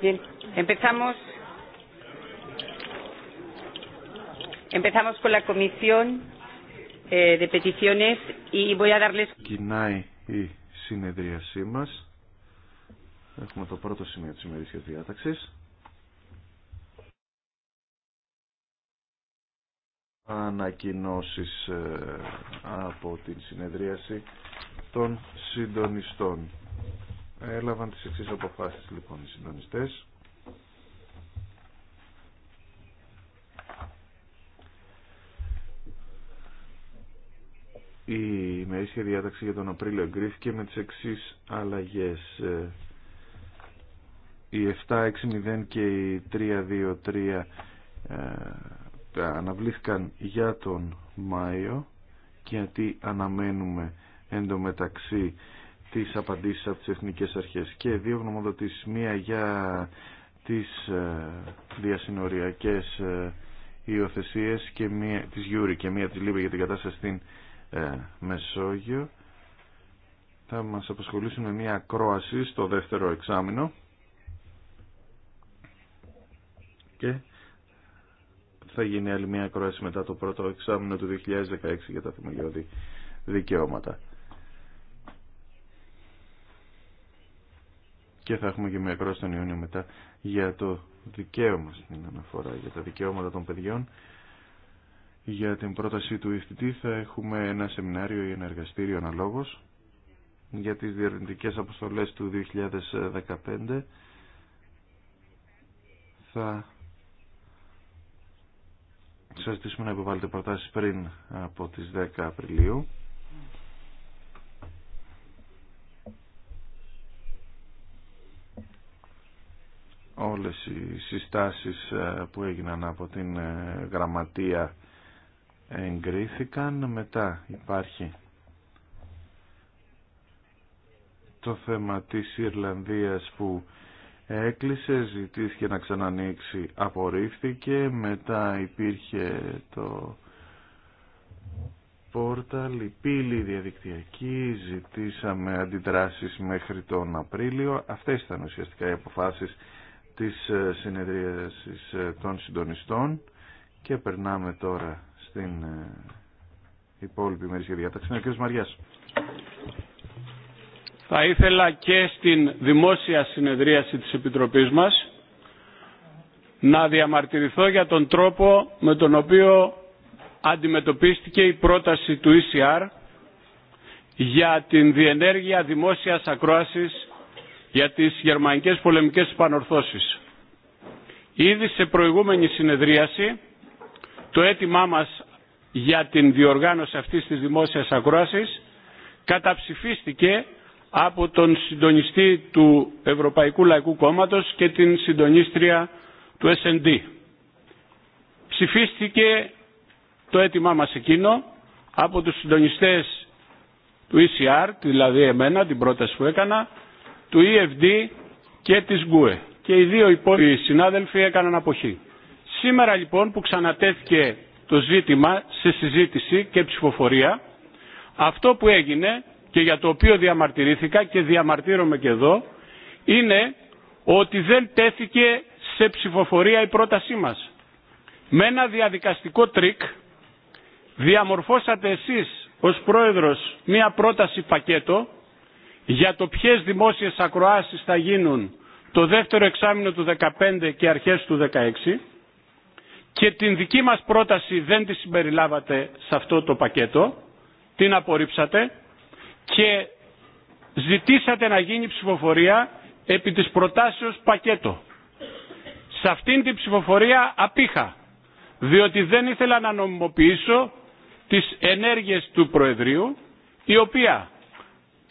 Bien, empezamos. Empezamos con la comisión eh, de peticiones y voy a darles. Κοινάει η συνεδρίασή μα. Έχουμε το πρώτο σημείο τη ημερήσια διάταξη. Ανακοινώσεις ε, από την συνεδρίαση των συντονιστών. Έλαβαν τις εξής αποφάσεις λοιπόν οι συντονιστές. Η ημερήσια διάταξη για τον Απρίλιο εγκρίθηκε με τις εξής αλλαγές. Ε, η 760 και η 323 ε, αναβλήθηκαν για τον Μάιο γιατί αναμένουμε εντωμεταξύ τις απαντήσεις από τις εθνικές αρχές και δύο γνωμοδοτήσεις. Μία για τις ε, διασυνοριακές ε, υιοθεσίε και μία, της Γιούρη και μία της Λίβη για την κατάσταση στην ε, Μεσόγειο. Θα μας απασχολήσουν μία ακρόαση στο δεύτερο εξάμεινο και θα γίνει άλλη μία ακρόαση μετά το πρώτο εξάμεινο του 2016 για τα θεμελιώδη δικαιώματα. και θα έχουμε και κρόση τον Ιούνιο μετά για το δικαίωμα στην αναφορά για τα δικαιώματα των παιδιών. Για την πρόταση του ΙΦΤΤ θα έχουμε ένα σεμινάριο ή ένα εργαστήριο αναλόγως για τις διαρνητικές αποστολές του 2015 θα σας ζητήσουμε να υποβάλλετε προτάσεις πριν από τις 10 Απριλίου όλες οι συστάσεις ε, που έγιναν από την ε, γραμματεία εγκρίθηκαν. Μετά υπάρχει το θέμα της Ιρλανδίας που έκλεισε, ζητήθηκε να ξανανοίξει, απορρίφθηκε. Μετά υπήρχε το πόρταλ, η πύλη διαδικτυακή, ζητήσαμε αντιδράσεις μέχρι τον Απρίλιο. Αυτές ήταν ουσιαστικά οι αποφάσεις της ε, συνεδρίασης ε, των συντονιστών και περνάμε τώρα στην ε, υπόλοιπη μερική διάταξη. Ναι, ο Μαριάς. Θα ήθελα και στην δημόσια συνεδρίαση της Επιτροπής μας να διαμαρτυρηθώ για τον τρόπο με τον οποίο αντιμετωπίστηκε η πρόταση του ECR για την διενέργεια δημόσιας ακρόασης για τις γερμανικές πολεμικές επανορθώσεις. Ήδη σε προηγούμενη συνεδρίαση το αίτημά μας για την διοργάνωση αυτής της δημόσιας ακρόασης καταψηφίστηκε από τον συντονιστή του Ευρωπαϊκού Λαϊκού Κόμματος και την συντονίστρια του S&D. Ψηφίστηκε το αίτημά μας εκείνο από τους συντονιστές του ECR, δηλαδή εμένα, την πρόταση που έκανα, του EFD και της ΓΚΟΕ. Και οι δύο υπόλοιποι συνάδελφοι έκαναν αποχή. Σήμερα λοιπόν που ξανατέθηκε το ζήτημα σε συζήτηση και ψηφοφορία, αυτό που έγινε και για το οποίο διαμαρτυρήθηκα και διαμαρτύρομαι και εδώ, είναι ότι δεν τέθηκε σε ψηφοφορία η πρότασή μας. Με ένα διαδικαστικό τρίκ διαμορφώσατε εσείς ως πρόεδρος μία πρόταση πακέτο για το ποιες δημόσιες ακροάσεις θα γίνουν το δεύτερο εξάμεινο του 2015 και αρχές του 2016 και την δική μας πρόταση δεν τη συμπεριλάβατε σε αυτό το πακέτο, την απορρίψατε και ζητήσατε να γίνει ψηφοφορία επί της προτάσεως πακέτο. Σε αυτήν την ψηφοφορία απήχα, διότι δεν ήθελα να νομιμοποιήσω τις ενέργειες του Προεδρείου, η οποία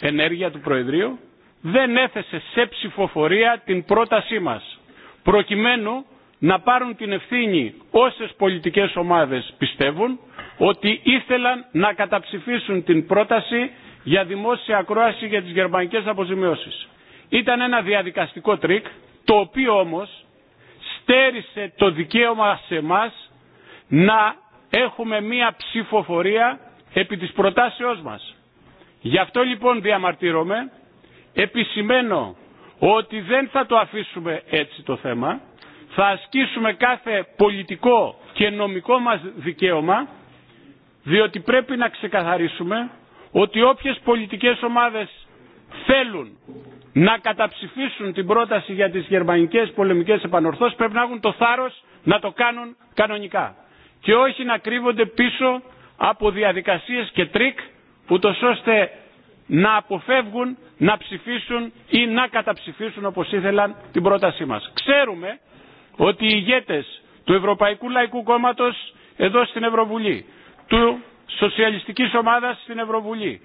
ενέργεια του Προεδρείου δεν έθεσε σε ψηφοφορία την πρότασή μας προκειμένου να πάρουν την ευθύνη όσες πολιτικές ομάδες πιστεύουν ότι ήθελαν να καταψηφίσουν την πρόταση για δημόσια ακρόαση για τις γερμανικές αποζημιώσεις. Ήταν ένα διαδικαστικό τρίκ, το οποίο όμως στέρισε το δικαίωμα σε εμά να έχουμε μία ψηφοφορία επί της προτάσεώς μας. Γι' αυτό λοιπόν διαμαρτύρομαι, επισημαίνω ότι δεν θα το αφήσουμε έτσι το θέμα, θα ασκήσουμε κάθε πολιτικό και νομικό μας δικαίωμα, διότι πρέπει να ξεκαθαρίσουμε ότι όποιες πολιτικές ομάδες θέλουν να καταψηφίσουν την πρόταση για τις γερμανικές πολεμικές επανορθώσεις πρέπει να έχουν το θάρρος να το κάνουν κανονικά και όχι να κρύβονται πίσω από διαδικασίες και τρίκ ούτω ώστε να αποφεύγουν να ψηφίσουν ή να καταψηφίσουν όπως ήθελαν την πρότασή μας. Ξέρουμε ότι οι ηγέτες του Ευρωπαϊκού Λαϊκού Κόμματος εδώ στην Ευρωβουλή, του Σοσιαλιστικής Ομάδας στην Ευρωβουλή,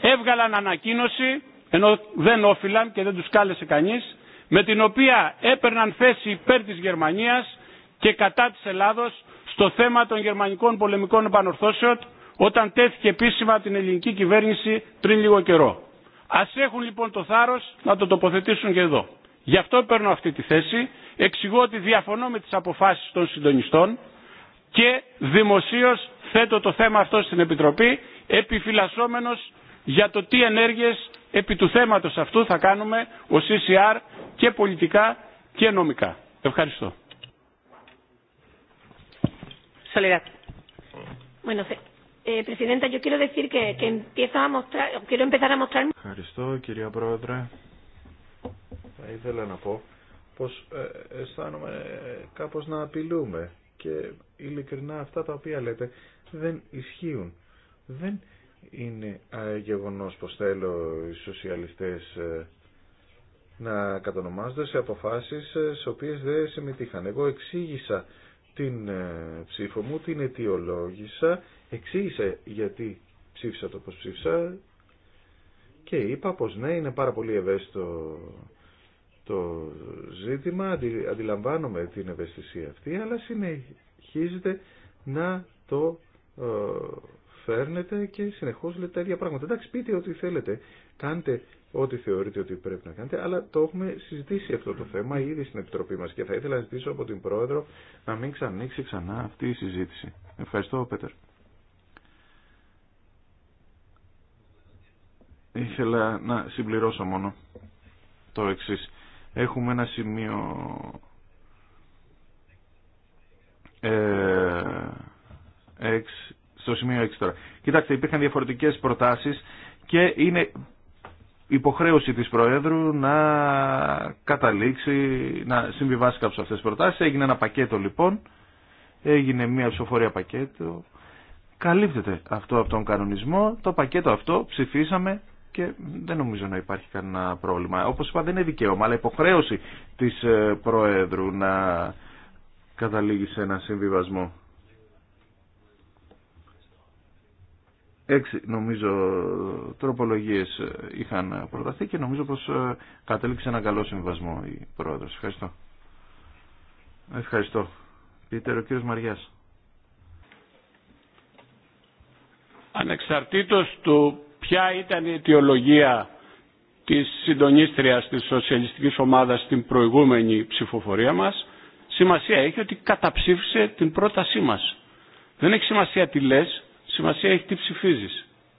έβγαλαν ανακοίνωση, ενώ δεν όφυλαν και δεν τους κάλεσε κανείς, με την οποία έπαιρναν θέση υπέρ της Γερμανίας και κατά της Ελλάδος στο θέμα των γερμανικών πολεμικών επανορθώσεων όταν τέθηκε επίσημα την ελληνική κυβέρνηση πριν λίγο καιρό. Ας έχουν λοιπόν το θάρρος να το τοποθετήσουν και εδώ. Γι' αυτό παίρνω αυτή τη θέση, εξηγώ ότι διαφωνώ με τις αποφάσεις των συντονιστών και δημοσίως θέτω το θέμα αυτό στην Επιτροπή, επιφυλασσόμενος για το τι ενέργειες επί του θέματος αυτού θα κάνουμε ο ECR και πολιτικά και νομικά. Ευχαριστώ. Bueno, Ευχαριστώ, κυρία Πρόεδρε. Θα ήθελα να πω πως ε, αισθάνομαι ε, κάπως να απειλούμε και ειλικρινά αυτά τα οποία λέτε δεν ισχύουν. Δεν είναι ε, γεγονός πως θέλω οι σοσιαλιστές ε, να κατονομάζονται σε αποφάσεις σε οποίες δεν συμμετείχαν. Εγώ εξήγησα την ε, ψήφο μου, την αιτιολόγησα, εξήγησα γιατί ψήφισα το πως ψήφισα και είπα πως ναι είναι πάρα πολύ ευαίσθητο το ζήτημα, αντι, αντιλαμβάνομαι την ευαισθησία αυτή, αλλά συνεχίζετε να το ε, φέρνετε και συνεχώς λέτε τα ίδια πράγματα. Εντάξει, πείτε ό,τι θέλετε, κάντε ό,τι θεωρείτε ότι πρέπει να κάνετε, αλλά το έχουμε συζητήσει αυτό το θέμα ήδη στην Επιτροπή μας και θα ήθελα να ζητήσω από την Πρόεδρο να μην ξανοίξει ξανά αυτή η συζήτηση. Ευχαριστώ, Πέτερ. Ήθελα να συμπληρώσω μόνο το εξή. Έχουμε ένα σημείο ε, στο σημείο 6 τώρα. Κοιτάξτε, υπήρχαν διαφορετικές προτάσεις και είναι υποχρέωση της Προέδρου να καταλήξει, να συμβιβάσει κάποιες αυτές τις προτάσεις. Έγινε ένα πακέτο λοιπόν, έγινε μια ψηφοφορία πακέτο. Καλύπτεται αυτό από τον κανονισμό, το πακέτο αυτό ψηφίσαμε και δεν νομίζω να υπάρχει κανένα πρόβλημα. Όπως είπα δεν είναι δικαίωμα, αλλά υποχρέωση της ε, Προέδρου να καταλήγει σε ένα συμβιβασμό. έξι νομίζω τροπολογίες είχαν προταθεί και νομίζω πως ε, κατέληξε ένα καλό συμβασμό η πρόεδρος. Ευχαριστώ. Ευχαριστώ. Πίτερ, ο κύριος Μαριάς. Ανεξαρτήτως του ποια ήταν η αιτιολογία της συντονίστριας της σοσιαλιστικής ομάδας στην προηγούμενη ψηφοφορία μας, σημασία έχει ότι καταψήφισε την πρότασή μας. Δεν έχει σημασία τι λες, σημασία έχει τι ψηφίζει.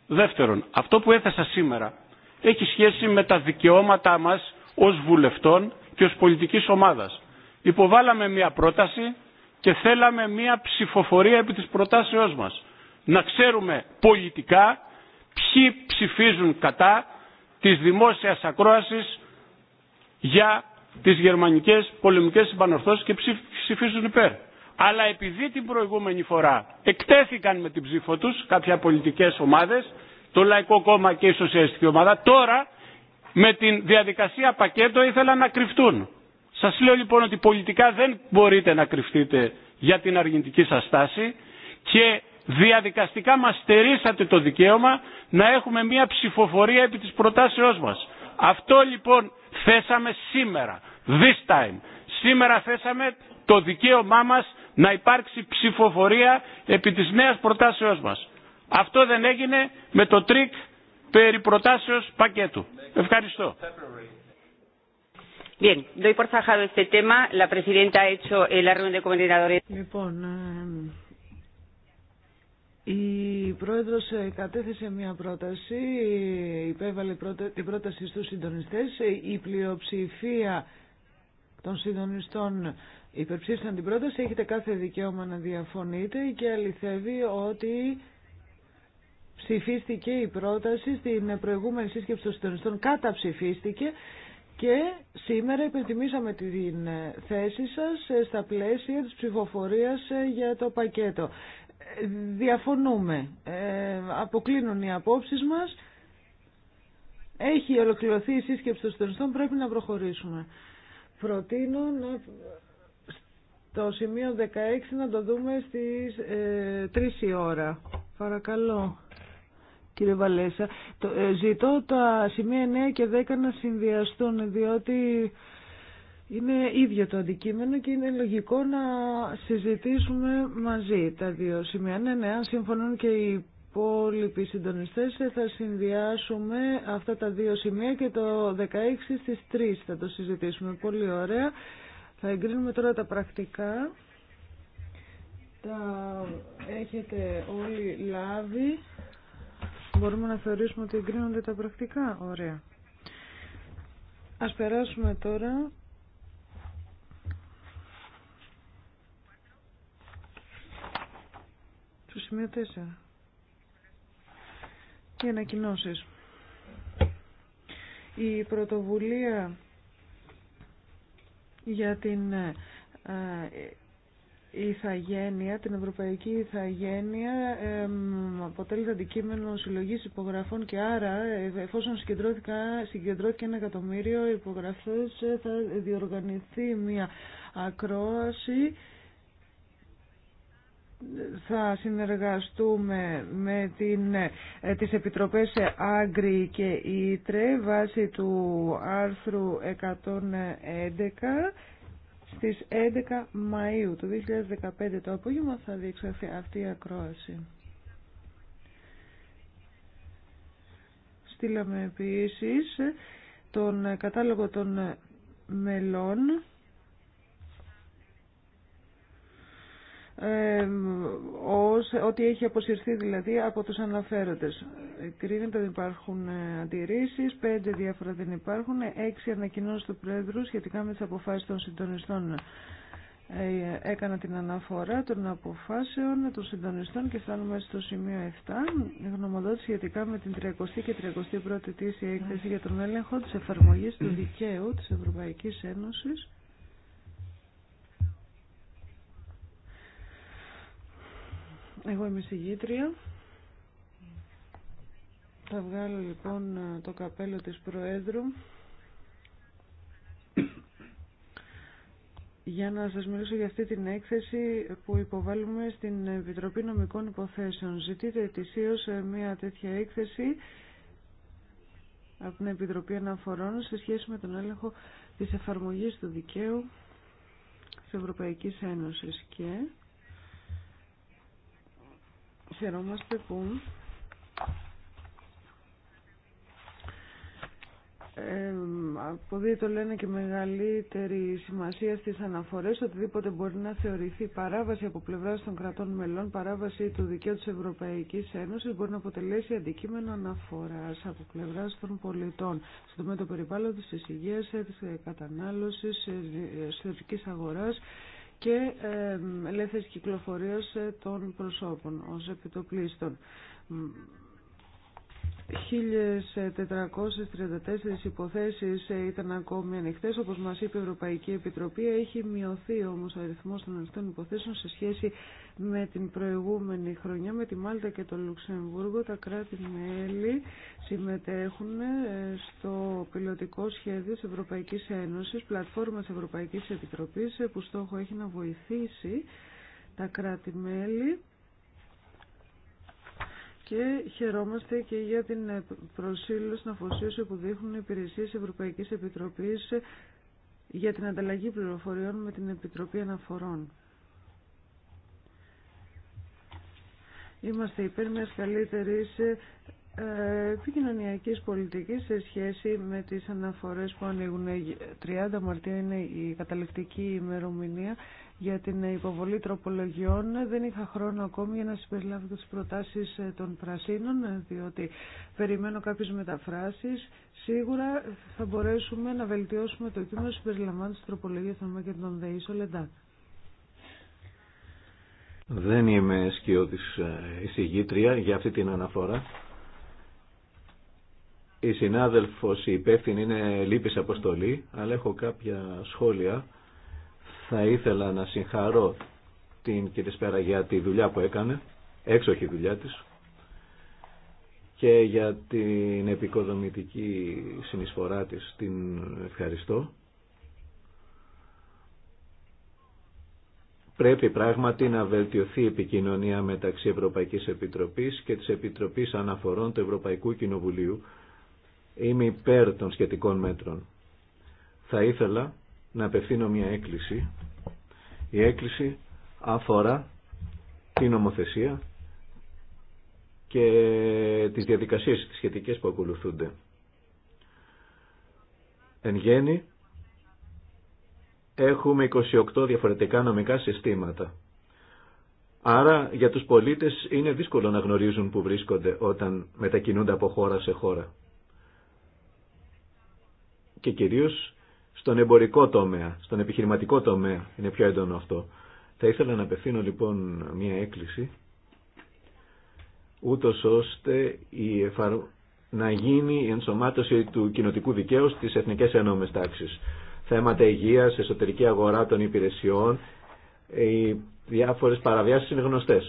Δεύτερον, αυτό που έθεσα σήμερα έχει σχέση με τα δικαιώματά μας ως βουλευτών και ως πολιτική ομάδας. Υποβάλαμε μία πρόταση και θέλαμε μία ψηφοφορία επί της προτάσεώς μας. Να ξέρουμε πολιτικά ποιοι ψηφίζουν κατά της δημόσιας ακρόασης για τις γερμανικές πολεμικές συμπανορθώσεις και ψηφίζουν υπέρ αλλά επειδή την προηγούμενη φορά εκτέθηκαν με την ψήφο τους κάποια πολιτικές ομάδες, το Λαϊκό Κόμμα και η Σοσιαλιστική Ομάδα, τώρα με την διαδικασία πακέτο ήθελαν να κρυφτούν. Σας λέω λοιπόν ότι πολιτικά δεν μπορείτε να κρυφτείτε για την αρνητική σας στάση και διαδικαστικά μας στερήσατε το δικαίωμα να έχουμε μια ψηφοφορία επί της προτάσεώς μας. Αυτό λοιπόν θέσαμε σήμερα, this time. Σήμερα θέσαμε το δικαίωμά μας να υπάρξει ψηφοφορία επί της νέας προτάσεώς μας. Αυτό δεν έγινε με το τρίκ περί προτάσεως πακέτου. Ευχαριστώ. Bien, doy por zajado este tema. La presidenta ha hecho el reunión de coordinadores. Λοιπόν, ε, η πρόεδρος ε, κατέθεσε μια πρόταση, υπέβαλε την πρόταση στους συντονιστές. Η πλειοψηφία των συντονιστών υπερψήφισαν την πρόταση, έχετε κάθε δικαίωμα να διαφωνείτε και αληθεύει ότι ψηφίστηκε η πρόταση στην προηγούμενη σύσκεψη των συντονιστών, καταψηφίστηκε και σήμερα υπενθυμίσαμε την θέση σας στα πλαίσια της ψηφοφορίας για το πακέτο. Διαφωνούμε, ε, αποκλίνουν οι απόψεις μας, έχει ολοκληρωθεί η σύσκεψη των συντονιστών, πρέπει να προχωρήσουμε. Προτείνω να το σημείο 16 να το δούμε στις ε, 3 η ώρα. Παρακαλώ, κύριε Βαλέσσα. Το, ε, ζητώ τα σημεία 9 και 10 να συνδυαστούν, διότι είναι ίδιο το αντικείμενο και είναι λογικό να συζητήσουμε μαζί τα δύο σημεία. Ναι, ναι, αν συμφωνούν και οι υπόλοιποι συντονιστές ε, θα συνδυάσουμε αυτά τα δύο σημεία και το 16 στις 3 θα το συζητήσουμε. Πολύ ωραία. Θα εγκρίνουμε τώρα τα πρακτικά. Τα έχετε όλοι λάβει. Μπορούμε να θεωρήσουμε ότι εγκρίνονται τα πρακτικά. Ωραία. Ας περάσουμε τώρα στο σημείο 4. Οι ανακοινώσεις. Η πρωτοβουλία για την ε, ε, ηθαγένεια, την ευρωπαϊκή ηθαγένεια αποτέλεσε αντικείμενο συλλογής υπογραφών και άρα ε, εφόσον συγκεντρώθηκε ένα εκατομμύριο υπογραφές θα διοργανηθεί μια ακρόαση θα συνεργαστούμε με την, ε, τις Επιτροπές Άγκρη και Ήτρε βάσει του άρθρου 111 στις 11 Μαΐου του 2015 το απόγευμα θα δείξει αυτή η ακρόαση. Στείλαμε επίσης τον κατάλογο των μελών ό,τι έχει αποσυρθεί δηλαδή από τους αναφέροντες. Κρίνεται ότι υπάρχουν ε, αντιρρήσεις, πέντε διάφορα δεν υπάρχουν, έξι ανακοινώσεις του Πρόεδρου σχετικά με τις αποφάσεις των συντονιστών. Ε, έκανα την αναφορά των αποφάσεων των συντονιστών και φτάνουμε στο σημείο 7. Γνωμοδότηση σχετικά με την 30η και 31η τήση έκθεση για τον έλεγχο της εφαρμογής του δικαίου της Ευρωπαϊκής Ένωσης Εγώ είμαι συγγήτρια. Θα βγάλω λοιπόν το καπέλο της Προέδρου για να σας μιλήσω για αυτή την έκθεση που υποβάλλουμε στην Επιτροπή Νομικών Υποθέσεων. Ζητείτε ετησίως ε, μια τέτοια έκθεση από την Επιτροπή Αναφορών σε σχέση με τον έλεγχο της εφαρμογής του δικαίου της Ευρωπαϊκής Ένωσης και Χαιρόμαστε που ε, το λένε και μεγαλύτερη σημασία στις αναφορές οτιδήποτε μπορεί να θεωρηθεί παράβαση από πλευράς των κρατών μελών παράβαση του δικαίου της Ευρωπαϊκής Ένωσης μπορεί να αποτελέσει αντικείμενο αναφοράς από πλευράς των πολιτών στο τομέα του περιβάλλοντος, της υγείας, της κατανάλωσης, της εσωτερικής αγοράς και ελεύθερη κυκλοφορία ε, των προσώπων ως επιτοπλίστων. 1.434 υποθέσεις ήταν ακόμη ανοιχτές. Όπως μας είπε η Ευρωπαϊκή Επιτροπή, έχει μειωθεί όμως ο αριθμός των ανοιχτών υποθέσεων σε σχέση με την προηγούμενη χρονιά. Με τη Μάλτα και το Λουξεμβούργο τα κράτη-μέλη συμμετέχουν ε, στο πιλωτικό σχέδιο της Ευρωπαϊκής Ένωσης, πλατφόρμα της Ευρωπαϊκής Επιτροπής, ε, που στόχο έχει να βοηθήσει τα κράτη-μέλη και χαιρόμαστε και για την προσήλωση αφοσίωση που δείχνουν οι υπηρεσίε Ευρωπαϊκής Επιτροπής για την ανταλλαγή πληροφοριών με την Επιτροπή Αναφορών. Είμαστε υπέρ ε, επικοινωνιακής πολιτικής σε σχέση με τις αναφορές που ανοίγουν 30 Μαρτίου είναι η καταληκτική ημερομηνία για την υποβολή τροπολογιών. Δεν είχα χρόνο ακόμη για να συμπεριλάβω τις προτάσεις ε, των πρασίνων, ε, διότι περιμένω κάποιες μεταφράσεις. Σίγουρα θα μπορέσουμε να βελτιώσουμε το κείμενο συμπεριλαμβάνοντας τροπολογία των και τον ΔΕΗ Δεν είμαι σκιώτης εισηγήτρια για αυτή την αναφορά η συνάδελφος η υπεύθυνη είναι λύπης αποστολή, αλλά έχω κάποια σχόλια. Θα ήθελα να συγχαρώ την κυρία Σπέρα για τη δουλειά που έκανε, έξοχη δουλειά της, και για την επικοδομητική συνεισφορά της την ευχαριστώ. Πρέπει πράγματι να βελτιωθεί η επικοινωνία μεταξύ Ευρωπαϊκής Επιτροπής και της Επιτροπής Αναφορών του Ευρωπαϊκού Κοινοβουλίου Είμαι υπέρ των σχετικών μέτρων. Θα ήθελα να απευθύνω μια έκκληση. Η έκκληση αφορά την νομοθεσία και τις διαδικασίες τις σχετικές που ακολουθούνται. Εν γέννη, έχουμε 28 διαφορετικά νομικά συστήματα. Άρα για τους πολίτες είναι δύσκολο να γνωρίζουν που βρίσκονται όταν μετακινούνται από χώρα σε χώρα και κυρίως στον εμπορικό τομέα, στον επιχειρηματικό τομέα είναι πιο έντονο αυτό. Θα ήθελα να απευθύνω λοιπόν μια έκκληση ούτως ώστε η να γίνει η ενσωμάτωση του κοινοτικού δικαίου στι εθνικέ ενόμε τάξει. Θέματα υγεία, εσωτερική αγορά των υπηρεσιών, ε, οι διάφορε παραβιάσει είναι γνωστέ.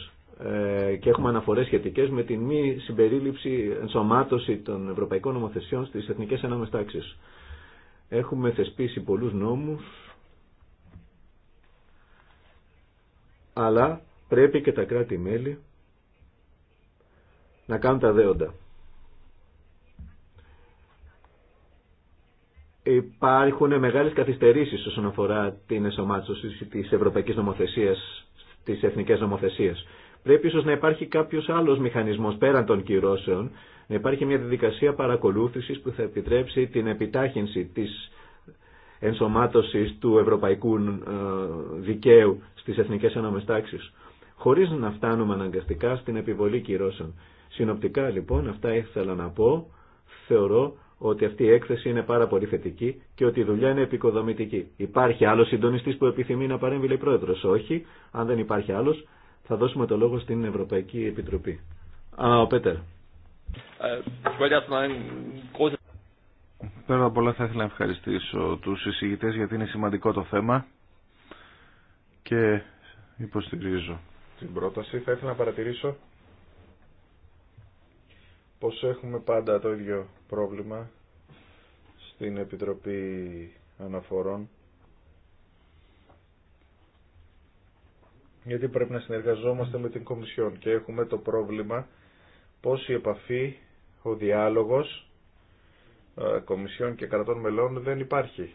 Ε, και έχουμε αναφορέ σχετικέ με την μη συμπερίληψη, ενσωμάτωση των ευρωπαϊκών νομοθεσιών στι εθνικέ ενόμε τάξει. Έχουμε θεσπίσει πολλούς νόμους, αλλά πρέπει και τα κράτη-μέλη να κάνουν τα δέοντα. Υπάρχουν μεγάλες καθυστερήσεις όσον αφορά την εσωμάτωση της ευρωπαϊκής νομοθεσίας, της εθνικές νομοθεσίας. Πρέπει ίσως να υπάρχει κάποιος άλλος μηχανισμός πέραν των κυρώσεων, να υπάρχει μια διαδικασία παρακολούθησης που θα επιτρέψει την επιτάχυνση της ενσωμάτωσης του ευρωπαϊκού ε, δικαίου στις εθνικές αναμεστάξεις, χωρίς να φτάνουμε αναγκαστικά στην επιβολή κυρώσεων. Συνοπτικά λοιπόν, αυτά ήθελα να πω, θεωρώ ότι αυτή η έκθεση είναι πάρα πολύ θετική και ότι η δουλειά είναι επικοδομητική. Υπάρχει άλλος συντονιστής που επιθυμεί να παρέμβει, λέει πρόεδρος. Όχι, αν δεν υπάρχει άλλος, θα δώσουμε το λόγο στην Ευρωπαϊκή Επιτροπή. Α, ο Πέτερ. Äh, Πέρα από όλα θα ήθελα να ευχαριστήσω τους εισηγητές γιατί είναι σημαντικό το θέμα και υποστηρίζω την πρόταση. Θα ήθελα να παρατηρήσω πως έχουμε πάντα το ίδιο πρόβλημα στην Επιτροπή Αναφορών γιατί πρέπει να συνεργαζόμαστε με την Κομισιόν και έχουμε το πρόβλημα πως η επαφή, ο διάλογος ε, κομισιών και κρατών μελών δεν υπάρχει.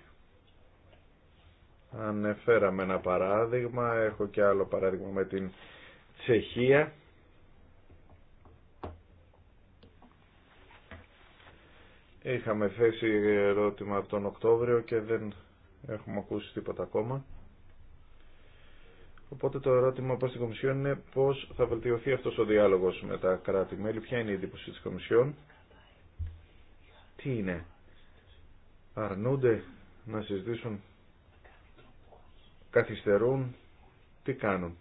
Ανεφέραμε ένα παράδειγμα, έχω και άλλο παράδειγμα με την Τσεχία. Είχαμε θέσει ερώτημα από τον Οκτώβριο και δεν έχουμε ακούσει τίποτα ακόμα. Οπότε το ερώτημα προς την Κομισιόν είναι πώς θα βελτιωθεί αυτός ο διάλογος με τα κράτη-μέλη. Ποια είναι η εντύπωση της Κομισιόν. Τι είναι. Αρνούνται να συζητήσουν. Καθυστερούν. Τι κάνουν.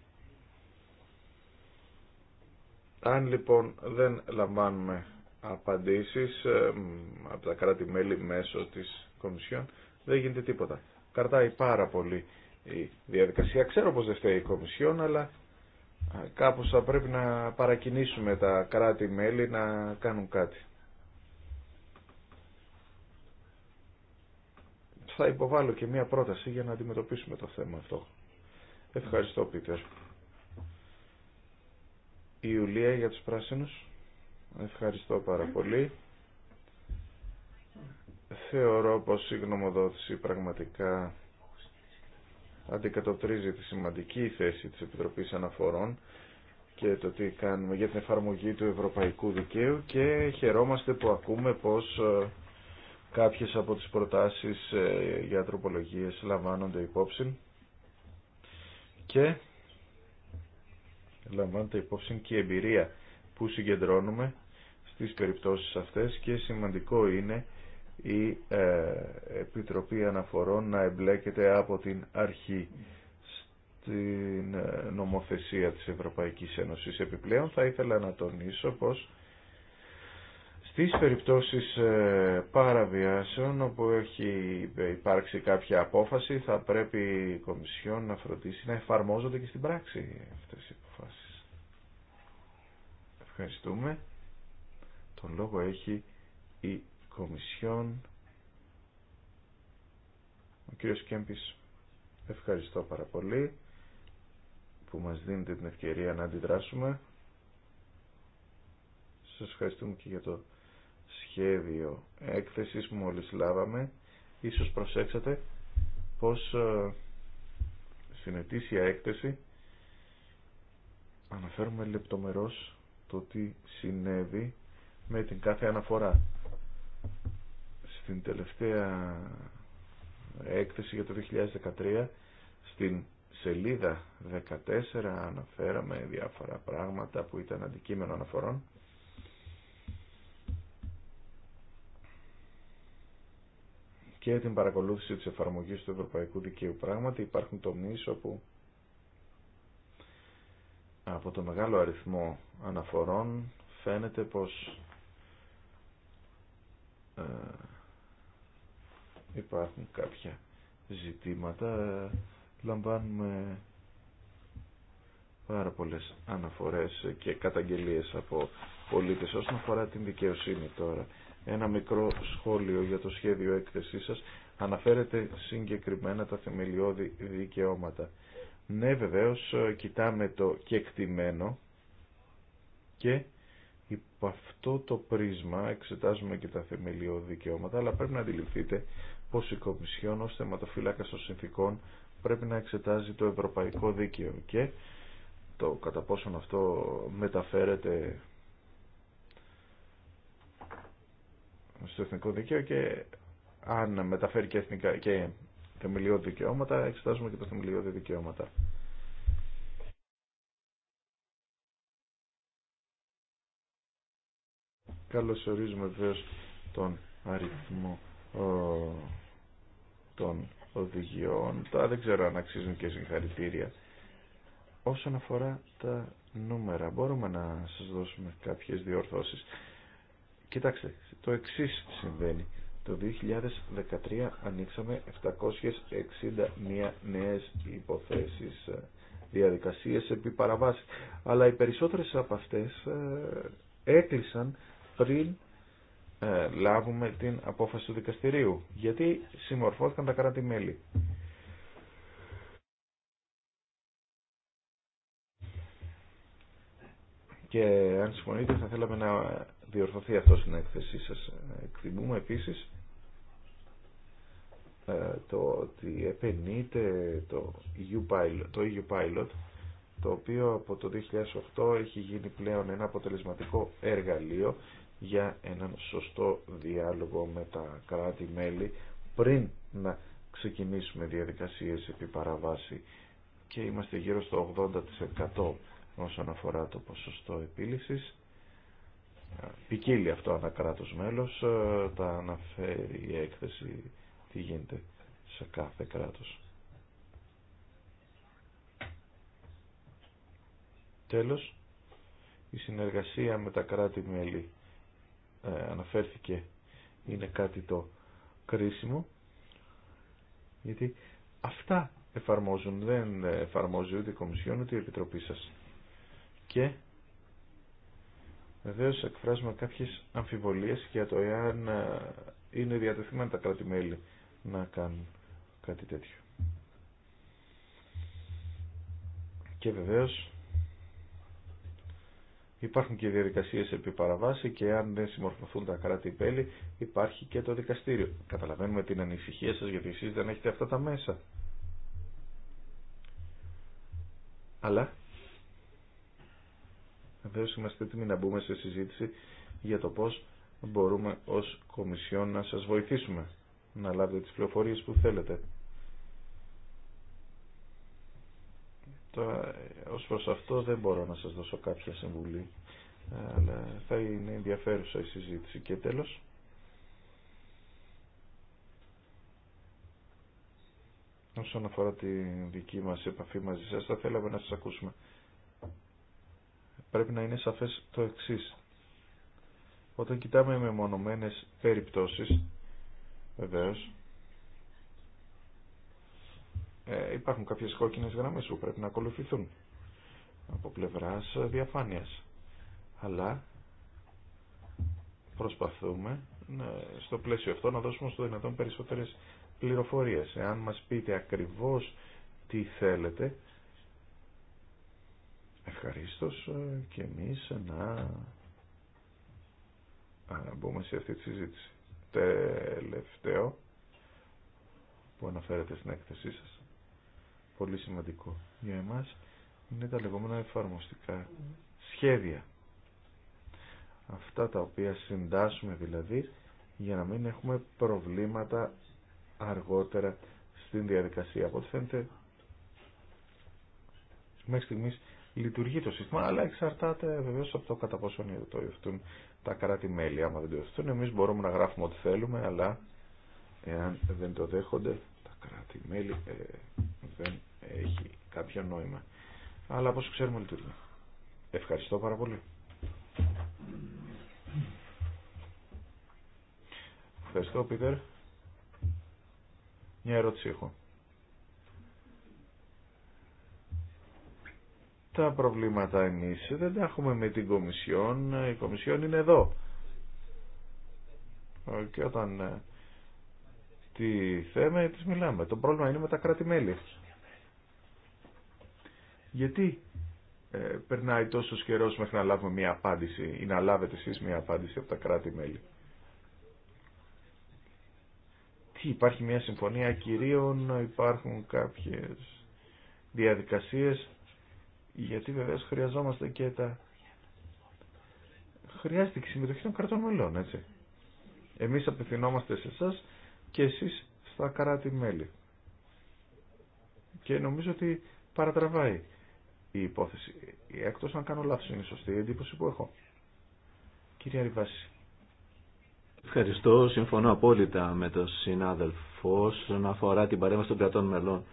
Αν λοιπόν δεν λαμβάνουμε απαντήσεις ε, από τα κράτη-μέλη μέσω της Κομισιόν, δεν γίνεται τίποτα. Καρτάει πάρα πολύ η διαδικασία. Ξέρω πως δεν φταίει η Κομισιόν, αλλά κάπως θα πρέπει να παρακινήσουμε τα κράτη-μέλη να κάνουν κάτι. Θα υποβάλω και μία πρόταση για να αντιμετωπίσουμε το θέμα αυτό. Ευχαριστώ, Πίτερ. Η Ιουλία για τους πράσινους. Ευχαριστώ πάρα πολύ. Θεωρώ πως η γνωμοδότηση πραγματικά αντικατοπτρίζει τη σημαντική θέση της Επιτροπής Αναφορών και το τι κάνουμε για την εφαρμογή του ευρωπαϊκού δικαίου και χαιρόμαστε που ακούμε πως ε, κάποιες από τις προτάσεις ε, για τροπολογίες λαμβάνονται υπόψη και λαμβάνεται υπόψη και η εμπειρία που συγκεντρώνουμε στις περιπτώσεις αυτές και σημαντικό είναι η ε, Επιτροπή Αναφορών να εμπλέκεται από την αρχή στην ε, νομοθεσία της Ευρωπαϊκής Ένωσης. Επιπλέον θα ήθελα να τονίσω πως στις περιπτώσεις ε, παραβιάσεων όπου έχει υπάρξει κάποια απόφαση θα πρέπει η Κομισιόν να φροντίσει να εφαρμόζονται και στην πράξη αυτές οι αποφάσεις. Ευχαριστούμε. Τον λόγο έχει η Κομισιόν. Ο κύριος Κέμπης, ευχαριστώ πάρα πολύ που μας δίνετε την ευκαιρία να αντιδράσουμε. Σας ευχαριστούμε και για το σχέδιο έκθεσης που μόλις λάβαμε. Ίσως προσέξατε πως ε, στην ετήσια έκθεση αναφέρουμε λεπτομερώς το τι συνέβη με την κάθε αναφορά. Στην τελευταία έκθεση για το 2013, στην σελίδα 14 αναφέραμε διάφορα πράγματα που ήταν αντικείμενο αναφορών. και την παρακολούθηση της εφαρμογής του ευρωπαϊκού δικαίου. Πράγματι υπάρχουν τομείς όπου από το μεγάλο αριθμό αναφορών φαίνεται πως ε, υπάρχουν κάποια ζητήματα. Λαμβάνουμε πάρα πολλές αναφορές και καταγγελίες από πολίτες όσον αφορά την δικαιοσύνη τώρα. Ένα μικρό σχόλιο για το σχέδιο έκθεσής σας αναφέρεται συγκεκριμένα τα θεμελιώδη δικαιώματα. Ναι βεβαίως κοιτάμε το κεκτημένο και υπό αυτό το πρίσμα εξετάζουμε και τα θεμελιώδη δικαιώματα, αλλά πρέπει να αντιληφθείτε πως η Κομισιόν ω θεματοφύλακα των συνθήκων πρέπει να εξετάζει το ευρωπαϊκό δίκαιο και το κατά πόσον αυτό μεταφέρεται στο εθνικό δίκαιο και αν μεταφέρει και, και θεμελιώδη δικαιώματα, εξετάζουμε και τα θεμελιώδη δικαιώματα. Καλωσορίζουμε βεβαίω τον αριθμό των οδηγιών. Τα δεν ξέρω αν αξίζουν και συγχαρητήρια. Όσον αφορά τα νούμερα, μπορούμε να σας δώσουμε κάποιες διορθώσεις. Κοιτάξτε, το εξή συμβαίνει. Το 2013 ανοίξαμε 761 νέες υποθέσεις, ε, διαδικασίες επί παραβάση. Αλλά οι περισσότερες από αυτές ε, έκλεισαν πριν ε, λάβουμε την απόφαση του δικαστηρίου, γιατί συμμορφώθηκαν τα κράτη-μέλη. Και αν συμφωνείτε θα θέλαμε να διορθωθεί αυτό στην έκθεσή σας. Εκτιμούμε επίσης ε, το ότι επενείται το EU Pilot, το EU Pilot το οποίο από το 2008 έχει γίνει πλέον ένα αποτελεσματικό εργαλείο για έναν σωστό διάλογο με τα κράτη-μέλη πριν να ξεκινήσουμε διαδικασίες επί παραβάση και είμαστε γύρω στο 80% όσον αφορά το ποσοστό επίλυσης. Ποικίλει αυτό αυτό κράτος μέλος, ε, τα αναφέρει η έκθεση τι γίνεται σε κάθε κράτος. Τέλος, η συνεργασία με τα κράτη-μέλη ε, αναφέρθηκε είναι κάτι το κρίσιμο γιατί αυτά εφαρμόζουν δεν εφαρμόζει ούτε η Κομισιόν ούτε η Επιτροπή σας και βεβαίω εκφράζουμε κάποιες αμφιβολίες για το εάν ε, είναι διατεθειμένα τα κράτη-μέλη να κάνουν κάτι τέτοιο και βεβαίως Υπάρχουν και διαδικασίε επί παραβάση και αν δεν συμμορφωθούν τα κράτη-πέλη υπάρχει και το δικαστήριο. Καταλαβαίνουμε την ανησυχία σας γιατί εσείς δεν έχετε αυτά τα μέσα. Αλλά βεβαίω είμαστε έτοιμοι να μπούμε σε συζήτηση για το πώς μπορούμε ως Κομισιόν να σας βοηθήσουμε να λάβετε τις πληροφορίες που θέλετε. Τώρα, ως προς αυτό δεν μπορώ να σας δώσω κάποια συμβουλή, αλλά θα είναι ενδιαφέρουσα η συζήτηση. Και τέλος. Όσον αφορά τη δική μας επαφή μαζί σας, θα θέλαμε να σας ακούσουμε. Πρέπει να είναι σαφές το εξής. Όταν κοιτάμε μονομενες περιπτώσεις, βεβαίως, ε, υπάρχουν κάποιες κόκκινες γραμμές που πρέπει να ακολουθηθούν από πλευράς διαφάνειας. Αλλά προσπαθούμε ναι, στο πλαίσιο αυτό να δώσουμε στο δυνατόν περισσότερες πληροφορίες. Εάν μας πείτε ακριβώς τι θέλετε, ευχαρίστως ε, και εμείς να μπούμε σε αυτή τη συζήτηση. Τελευταίο που αναφέρεται στην έκθεσή σας πολύ σημαντικό για εμάς είναι τα λεγόμενα εφαρμοστικά σχέδια. Αυτά τα οποία συντάσσουμε δηλαδή για να μην έχουμε προβλήματα αργότερα στην διαδικασία. Από ό,τι φαίνεται μέχρι στιγμής λειτουργεί το σύστημα, αλλά εξαρτάται βεβαίω από το κατά πόσο το υιοθετούν τα κράτη-μέλη. Άμα δεν το υιοθετούν, εμεί μπορούμε να γράφουμε ό,τι θέλουμε, αλλά εάν δεν το δέχονται, τα κράτη-μέλη ε, δεν έχει κάποιο νόημα. Αλλά όπως ξέρουμε λειτουργεί. Ευχαριστώ πάρα πολύ. Ευχαριστώ, Πίτερ. Μια ερώτηση έχω. Τα προβλήματα εμείς δεν τα έχουμε με την Κομισιόν. Η Κομισιόν είναι εδώ. Ε, και όταν ε, τη θέμε, της μιλάμε. Το πρόβλημα είναι με τα κράτη-μέλη. Γιατί ε, περνάει τόσο καιρό μέχρι να λάβουμε μια απάντηση ή να λάβετε εσεί μια απάντηση από τα κράτη-μέλη. Τι, υπάρχει μια συμφωνία κυρίων, υπάρχουν κάποιες διαδικασίες, γιατί βεβαίως χρειαζόμαστε και τα... Χρειάζεται και συμμετοχή των κρατών μελών, έτσι. Εμείς απευθυνόμαστε σε εσά και εσείς στα κράτη-μέλη. Και νομίζω ότι παρατραβάει η υπόθεση. Έκτος αν κάνω λάθος είναι σωστή η εντύπωση που έχω. Κύριε Ριβάση. Ευχαριστώ. Συμφωνώ απόλυτα με τον συνάδελφο όσον αφορά την παρέμβαση των κρατών μελών.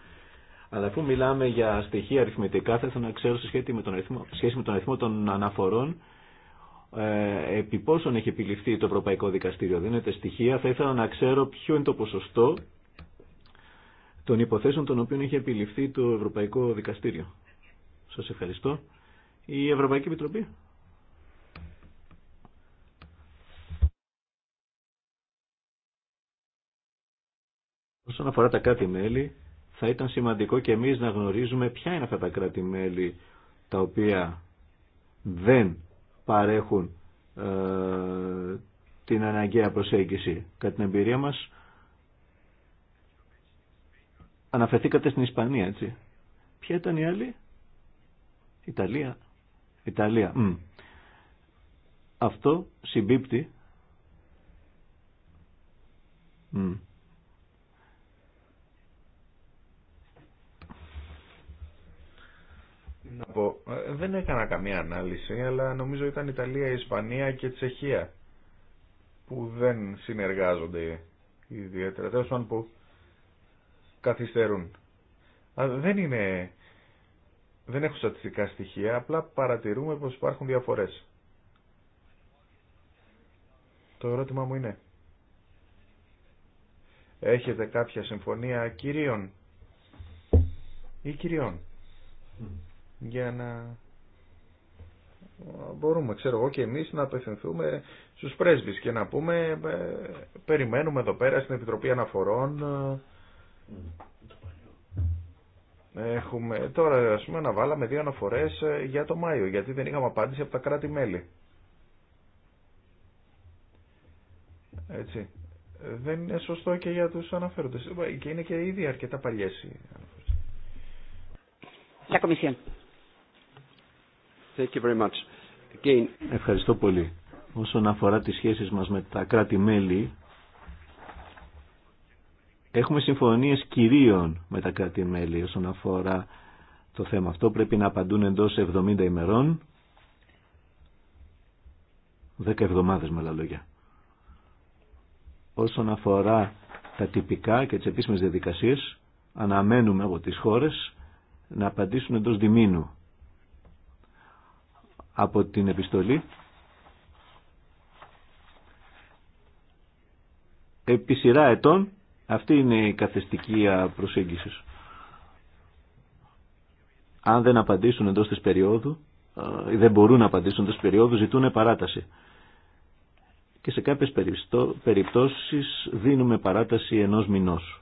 Αλλά αφού μιλάμε για στοιχεία αριθμητικά, θα ήθελα να ξέρω σε σχέση με τον αριθμό, με τον αριθμό των αναφορών ε, επί πόσων έχει επιληφθεί το Ευρωπαϊκό Δικαστήριο. Δίνεται στοιχεία. Θα ήθελα να ξέρω ποιο είναι το ποσοστό των υποθέσεων των οποίων έχει επιληφθεί το Ευρωπαϊκό Δικαστήριο. Σας ευχαριστώ. Η Ευρωπαϊκή Επιτροπή. Όσον αφορά τα κράτη-μέλη, θα ήταν σημαντικό και εμείς να γνωρίζουμε ποια είναι αυτά τα κράτη-μέλη τα οποία δεν παρέχουν ε, την αναγκαία προσέγγιση. Κατά την εμπειρία μας αναφερθήκατε στην Ισπανία, έτσι. Ποια ήταν η άλλη? Ιταλία. Ιταλία. Αυτό συμπίπτει. Να πω, ε, δεν έκανα καμία ανάλυση, αλλά νομίζω ήταν Ιταλία, Ισπανία και Τσεχία που δεν συνεργάζονται ιδιαίτερα, τέλος πάντων που καθυστερούν. δεν είναι δεν έχω στατιστικά στοιχεία, απλά παρατηρούμε πως υπάρχουν διαφορές. Το ερώτημά μου είναι, έχετε κάποια συμφωνία κυρίων ή κυριών για να μπορούμε, ξέρω εγώ και εμείς να απευθυνθούμε στους πρέσβεις και να πούμε ε, περιμένουμε εδώ πέρα στην Επιτροπή Αναφορών ε, Έχουμε, τώρα ας πούμε βάλαμε δύο αναφορές ε, για το Μάιο γιατί δεν είχαμε απάντηση από τα κράτη-μέλη. Έτσι. Δεν είναι σωστό και για τους αναφέροντες. Ε, και είναι και ήδη αρκετά παλιές οι αναφορές. Ευχαριστώ πολύ. Όσον αφορά τις σχέσεις μας με τα κράτη-μέλη, Έχουμε συμφωνίες κυρίων με τα κράτη-μέλη όσον αφορά το θέμα αυτό. Πρέπει να απαντούν εντός 70 ημερών, 10 εβδομάδες με άλλα λόγια. Όσον αφορά τα τυπικά και τις επίσημες διαδικασίες, αναμένουμε από τις χώρες να απαντήσουν εντός διμήνου. Από την επιστολή επί σειρά ετών αυτή είναι η καθεστική προσέγγιση. Αν δεν απαντήσουν εντό της περίοδου, ε, δεν μπορούν να απαντήσουν εντό της περίοδου, ζητούν παράταση. Και σε κάποιε περιπτώσεις δίνουμε παράταση ενός μηνός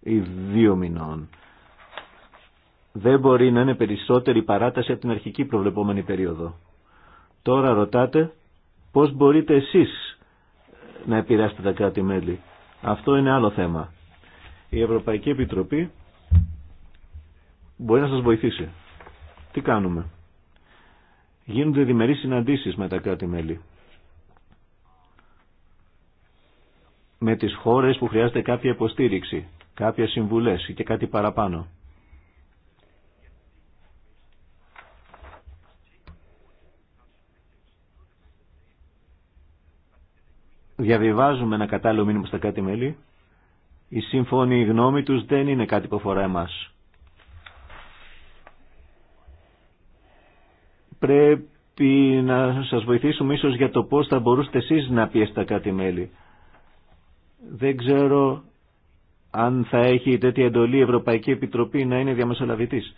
ή δύο μηνών. Δεν μπορεί να είναι περισσότερη παράταση από την αρχική προβλεπόμενη περίοδο. Τώρα ρωτάτε πώς μπορείτε εσείς να επηρεάσετε τα κράτη-μέλη. Αυτό είναι άλλο θέμα. Η Ευρωπαϊκή Επιτροπή μπορεί να σας βοηθήσει. Τι κάνουμε. Γίνονται διμερείς συναντήσεις με τα κράτη-μέλη. Με τις χώρες που χρειάζεται κάποια υποστήριξη, κάποια συμβουλές και κάτι παραπάνω. διαβιβάζουμε ένα κατάλληλο μήνυμα στα κάτι μέλη. Η σύμφωνη γνώμη τους δεν είναι κάτι που αφορά εμάς. Πρέπει να σας βοηθήσουμε ίσως για το πώς θα μπορούσατε εσείς να πιέσετε τα κάτι μέλη. Δεν ξέρω αν θα έχει τέτοια εντολή η Ευρωπαϊκή Επιτροπή να είναι διαμεσολαβητής.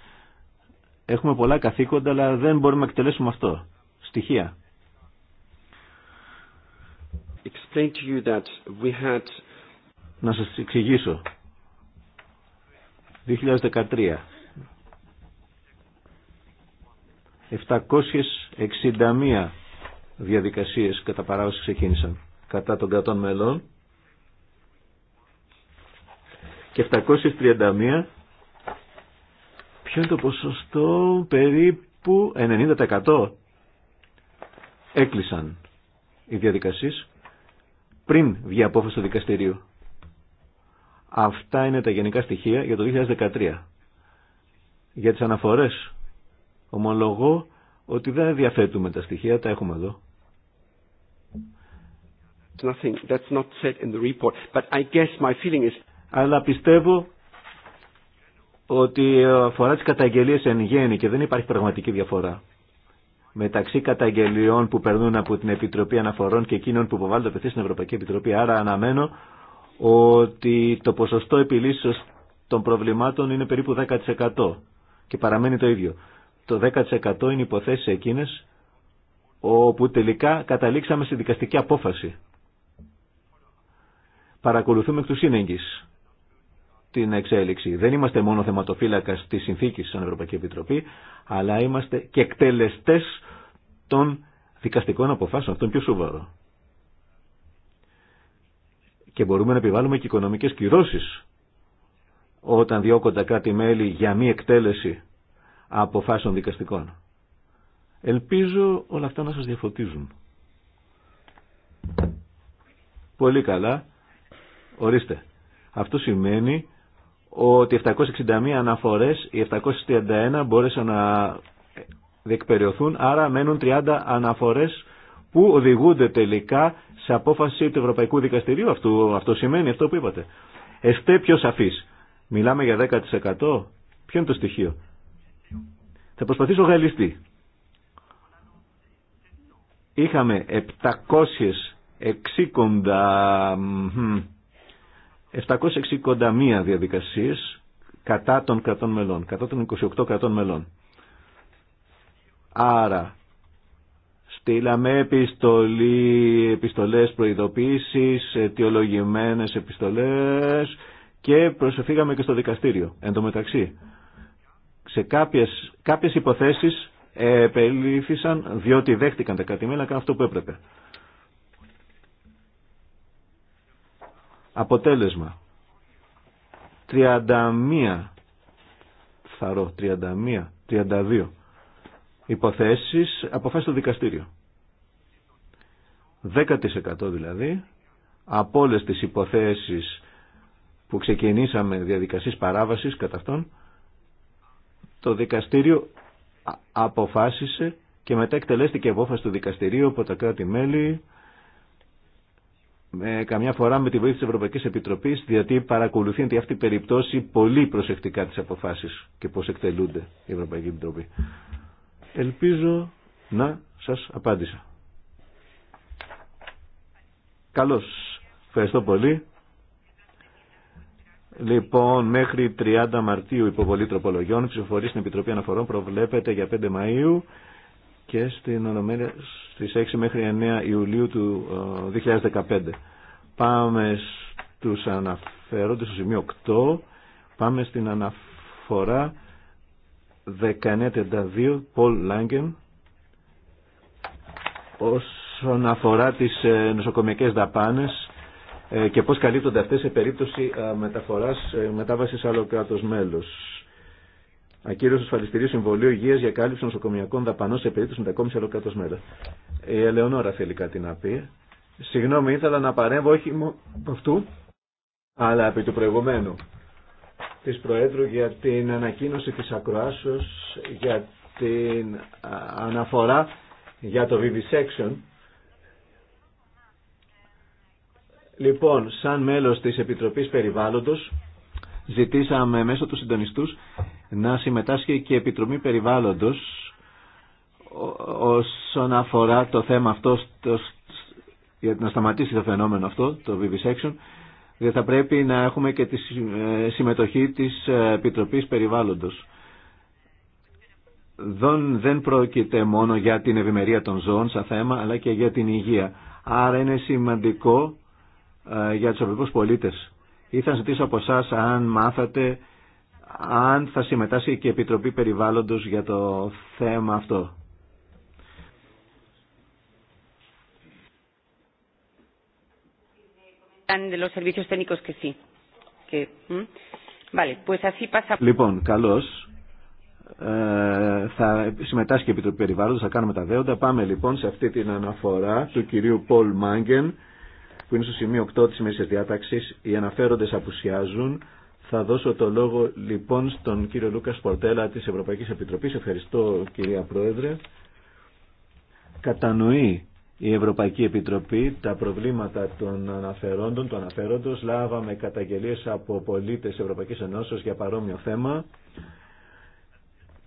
Έχουμε πολλά καθήκοντα, αλλά δεν μπορούμε να εκτελέσουμε αυτό. Στοιχεία explain to you that we had... Να σας εξηγήσω. 2013. 761 διαδικασίες κατά παράδοση ξεκίνησαν κατά των 100 μελών και 731 ποιο είναι το ποσοστό περίπου 90% έκλεισαν οι διαδικασίες πριν βγει απόφαση του δικαστηρίου. Αυτά είναι τα γενικά στοιχεία για το 2013. Για τις αναφορές ομολογώ ότι δεν διαθέτουμε τα στοιχεία, τα έχουμε εδώ. Αλλά πιστεύω ότι αφορά τις καταγγελίες εν γέννη και δεν υπάρχει πραγματική διαφορά μεταξύ καταγγελιών που περνούν από την Επιτροπή Αναφορών και εκείνων που υποβάλλονται απευθεία στην Ευρωπαϊκή Επιτροπή. Άρα αναμένω ότι το ποσοστό επιλύσεως των προβλημάτων είναι περίπου 10% και παραμένει το ίδιο. Το 10% είναι υποθέσεις εκείνες όπου τελικά καταλήξαμε στη δικαστική απόφαση. Παρακολουθούμε εκ του σύνεγγης την εξέλιξη. Δεν είμαστε μόνο θεματοφύλακα τη συνθήκη σαν Ευρωπαϊκή Επιτροπή, αλλά είμαστε και εκτελεστέ των δικαστικών αποφάσεων. Αυτό πιο σοβαρό. Και μπορούμε να επιβάλλουμε και οικονομικέ κυρώσει όταν διώκονται κάτι μελη για μη εκτέλεση αποφάσεων δικαστικών. Ελπίζω όλα αυτά να σας διαφωτίζουν. Πολύ καλά. Ορίστε. Αυτό σημαίνει ότι 761 αναφορές, οι 731 μπόρεσαν να διεκπεριωθούν, άρα μένουν 30 αναφορές που οδηγούνται τελικά σε απόφαση του Ευρωπαϊκού Δικαστηρίου. Αυτό, αυτό σημαίνει αυτό που είπατε. Εστέ πιο σαφής. Μιλάμε για 10%. Ποιο είναι το στοιχείο. Θα προσπαθήσω γαλλιστή. Είχαμε 760 761 διαδικασίες κατά των κρατών μελών, κατά των 28 κρατών μελών. Άρα, στείλαμε επιστολή, επιστολές προειδοποίησης, αιτιολογημένες επιστολές και προσεφήγαμε και στο δικαστήριο. Εν τω μεταξύ, σε κάποιες, κάποιες υποθέσεις επελήφθησαν διότι δέχτηκαν τα κρατημένα κάνουν αυτό που έπρεπε. Αποτέλεσμα. 31 θαρώ, 31, 32 υποθέσεις αποφάσισε το δικαστήριο. 10% δηλαδή από όλε τις υποθέσεις που ξεκινήσαμε διαδικασίες παράβασης κατά αυτόν το δικαστήριο αποφάσισε και μετά εκτελέστηκε απόφαση του δικαστηρίου από τα κράτη-μέλη με, καμιά φορά με τη βοήθεια της Ευρωπαϊκής Επιτροπής, διότι παρακολουθεί αυτή η περιπτώση πολύ προσεκτικά τις αποφάσεις και πώς εκτελούνται οι Ευρωπαϊκή Επιτροπή. Ελπίζω να σας απάντησα. Καλώς. Ευχαριστώ πολύ. Λοιπόν, μέχρι 30 Μαρτίου υποβολή τροπολογιών, ψηφοφορία στην Επιτροπή Αναφορών προβλέπεται για 5 Μαΐου και στην στις 6 μέχρι 9 Ιουλίου του 2015. Ε, πάμε στους αναφέροντες, στο σημείο 8, πάμε στην αναφορά 1932 Πολ Λάγκεν όσον αφορά τις ε, νοσοκομιακές δαπάνες ε, και πώς καλύπτονται αυτές σε περίπτωση μεταφοράς, μετάβασης άλλο κράτος μέλος ακύρωση ασφαλιστηρίου συμβολίου υγεία για κάλυψη νοσοκομιακών δαπανών σε περίπτωση μετακόμιση άλλο μέρα. Ε, η Ελεονόρα θέλει κάτι να πει. Συγγνώμη, ήθελα να παρέμβω όχι από αυτού, αλλά από του προηγουμένου τη Προέδρου για την ανακοίνωση τη Ακροάσεω για την αναφορά για το Vivisection. Λοιπόν, σαν μέλος της Επιτροπής Περιβάλλοντος ζητήσαμε μέσω του συντονιστούς να συμμετάσχει και η Επιτροπή Περιβάλλοντος όσον αφορά το θέμα αυτό για να σταματήσει το φαινόμενο αυτό, το vivisection, γιατί θα πρέπει να έχουμε και τη ε, συμμετοχή της ε, Επιτροπής Περιβάλλοντος. Δεν πρόκειται μόνο για την ευημερία των ζώων σαν θέμα, αλλά και για την υγεία. Άρα είναι σημαντικό ε, για τους ευρωπαϊκούς πολίτες. Ήθελα να ζητήσω από εσά αν μάθατε αν θα συμμετάσχει και η Επιτροπή Περιβάλλοντος για το θέμα αυτό. Hm? Λοιπόν, καλώς. Ε, θα συμμετάσχει και η Επιτροπή Περιβάλλοντος, θα κάνουμε τα δέοντα. Πάμε λοιπόν σε αυτή την αναφορά του κυρίου Πολ Μάγκεν, που είναι στο σημείο 8 της μέσης διάταξης. Οι αναφέροντες απουσιάζουν. Θα δώσω το λόγο λοιπόν στον κύριο Λούκα Πορτέλα της Ευρωπαϊκής Επιτροπής. Ευχαριστώ κυρία Πρόεδρε. Κατανοεί η Ευρωπαϊκή Επιτροπή τα προβλήματα των αναφερόντων, του αναφέροντος. Λάβαμε καταγγελίες από πολίτες Ευρωπαϊκής Ενώσεως για παρόμοιο θέμα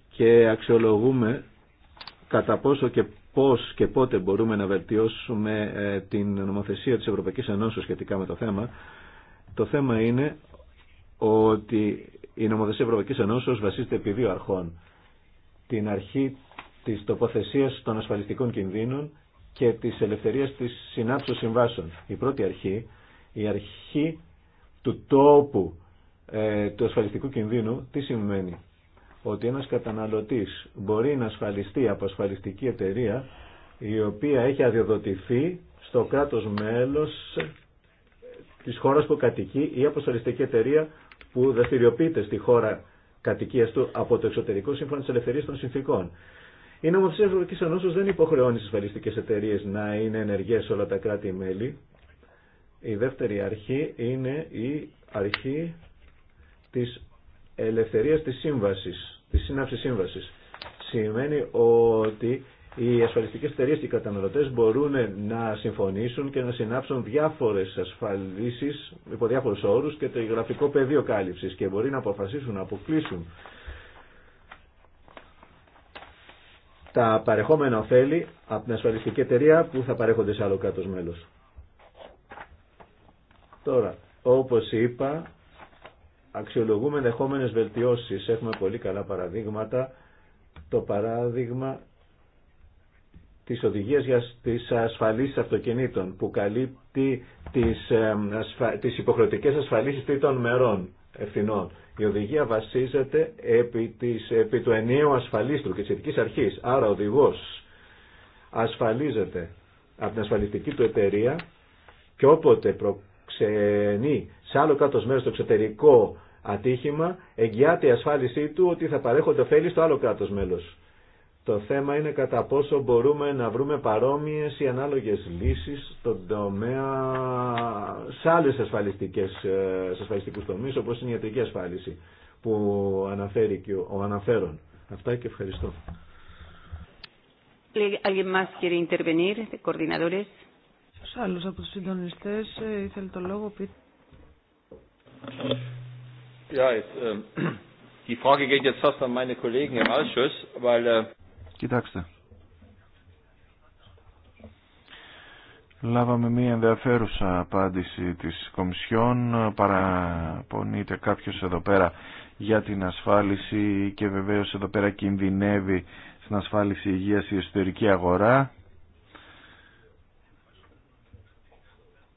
και αξιολογούμε κατά πόσο και πώς και πότε μπορούμε να βελτιώσουμε ε, την νομοθεσία της Ευρωπαϊκής Ενώσεως σχετικά με το θέμα. Το θέμα είναι ότι η νομοθεσία Ευρωπαϊκή Ενώσεω βασίζεται επί δύο αρχών. Την αρχή της τοποθεσίας των ασφαλιστικών κινδύνων και τη ελευθερία της συνάψεω συμβάσεων. Η πρώτη αρχή, η αρχή του τόπου ε, του ασφαλιστικού κινδύνου, τι σημαίνει. Ότι ένας καταναλωτής μπορεί να ασφαλιστεί από ασφαλιστική εταιρεία η οποία έχει αδειοδοτηθεί στο κράτος μέλος της χώρας που κατοικεί ή από ασφαλιστική εταιρεία που δραστηριοποιείται στη χώρα κατοικία του από το εξωτερικό σύμφωνα τη ελευθερία των συνθήκων. Η νομοθεσία τη Ευρωπαϊκή Ενώσεω δεν υποχρεώνει τι ασφαλιστικέ εταιρείε να είναι ενεργέ σε όλα τα κράτη-μέλη. Η δεύτερη αρχή είναι η αρχή τη ελευθερία τη σύμβαση, τη σύναψη σύμβαση. Σημαίνει ότι οι ασφαλιστικές εταιρείε και οι καταναλωτές μπορούν να συμφωνήσουν και να συνάψουν διάφορες ασφαλίσεις υπό διάφορους όρους και το γραφικό πεδίο κάλυψης και μπορεί να αποφασίσουν να αποκλείσουν τα παρεχόμενα ωφέλη από την ασφαλιστική εταιρεία που θα παρέχονται σε άλλο κάτω μέλος. Τώρα, όπως είπα, αξιολογούμε ενδεχόμενες βελτιώσεις. Έχουμε πολύ καλά παραδείγματα. Το παράδειγμα τις οδηγίες για τις ασφαλίσεις αυτοκινήτων που καλύπτει τις, ασφα... τις υποχρεωτικές ασφαλίσεις τρίτων μερών ευθυνών. Η οδηγία βασίζεται επί, της... επί του ενίου ασφαλίστρου και της ειδικής αρχής. Άρα ο οδηγός ασφαλίζεται από την ασφαλιστική του εταιρεία και όποτε προξενεί σε άλλο κάτω μέρο το εξωτερικό ατύχημα, εγγυάται η ασφάλισή του ότι θα παρέχονται ωφέλη στο άλλο κράτος μέλος. Το θέμα είναι κατά πόσο μπορούμε να βρούμε παρόμοιες ή ανάλογες λύσεις στον τομέα σε άλλες ασφαλιστικές, ε, σε ασφαλιστικούς τομείς όπως είναι η ιατρική ασφάλιση που αναφέρει και ο αναφέρον. Αυτά και ευχαριστώ. Στους άλλους από τους συντονιστές ε, ήθελε το λόγο πείτε. Ja, jetzt, ähm, die Frage geht jetzt fast an meine Kollegen im Ausschuss, weil äh, Κοιτάξτε. Λάβαμε μία ενδιαφέρουσα απάντηση της Κομισιόν. Παραπονείται κάποιος εδώ πέρα για την ασφάλιση και βεβαίως εδώ πέρα κινδυνεύει στην ασφάλιση υγείας η εσωτερική αγορά.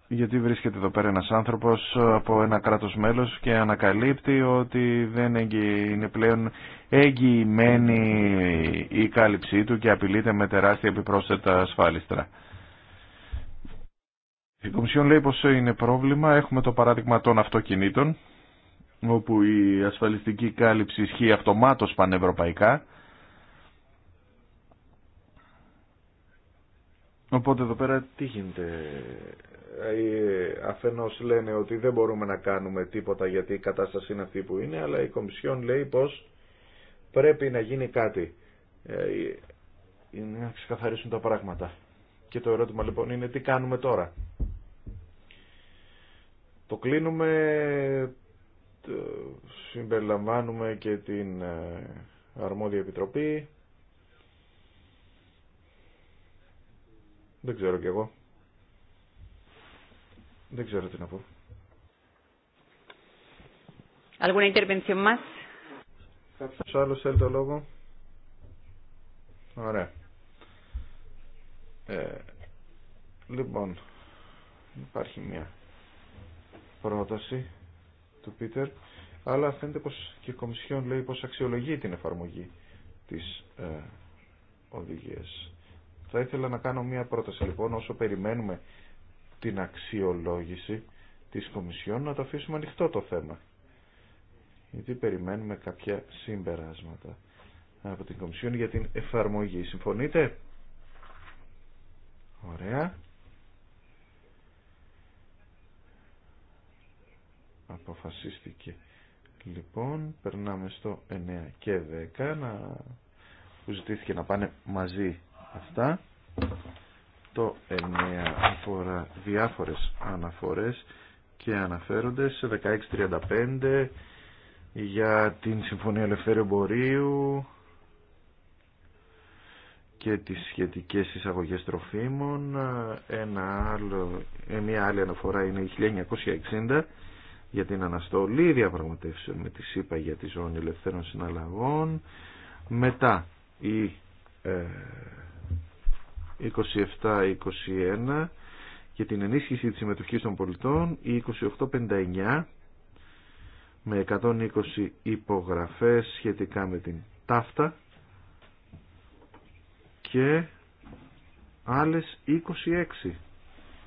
γιατί βρίσκεται εδώ πέρα ένας άνθρωπος από ένα κράτος μέλος και ανακαλύπτει ότι δεν είναι πλέον εγγυημένη η κάλυψή του και απειλείται με τεράστια επιπρόσθετα ασφάλιστρα. Η Κομισιόν λέει πως είναι πρόβλημα. Έχουμε το παράδειγμα των αυτοκινήτων, όπου η ασφαλιστική κάλυψη ισχύει αυτομάτως πανευρωπαϊκά. Οπότε εδώ πέρα τι γίνεται ε, αφενός λένε ότι δεν μπορούμε να κάνουμε τίποτα γιατί η κατάσταση είναι αυτή που είναι, αλλά η Κομισιόν λέει πως πρέπει να γίνει κάτι. Ε, να ξεκαθαρίσουν τα πράγματα. Και το ερώτημα λοιπόν είναι τι κάνουμε τώρα. Το κλείνουμε, συμπεριλαμβάνουμε και την ε, αρμόδια επιτροπή. Δεν ξέρω κι εγώ. Δεν ξέρω τι να πω. Alguna intervención más? Κάποιος άλλος θέλει το λόγο. Ωραία. Ε, λοιπόν, υπάρχει μια πρόταση του Πίτερ, αλλά φαίνεται πως και η Κομισιόν λέει πως αξιολογεί την εφαρμογή της ε, οδηγίας. Θα ήθελα να κάνω μια πρόταση λοιπόν όσο περιμένουμε την αξιολόγηση της Κομισιόν να το αφήσουμε ανοιχτό το θέμα. Γιατί περιμένουμε κάποια συμπεράσματα από την Κομισιόν για την εφαρμογή. Συμφωνείτε? Ωραία. Αποφασίστηκε. Λοιπόν, περνάμε στο 9 και 10 να... που ζητήθηκε να πάνε μαζί αυτά. 8-9 αφορά διάφορες αναφορές και αναφέρονται σε 1635 για την Συμφωνία Ελευθέρου Εμπορίου και τις σχετικές εισαγωγές τροφίμων. Ένα άλλο, ε, μια άλλη αναφορά είναι η 1960 για την αναστολή διαπραγματεύσεων με τη ΣΥΠΑ για τη ζώνη ελευθέρων συναλλαγών. Μετά η ε, 27-21 για την ενίσχυση της συμμετοχής των πολιτών η 28-59 με 120 υπογραφές σχετικά με την ΤΑΦΤΑ και άλλες 26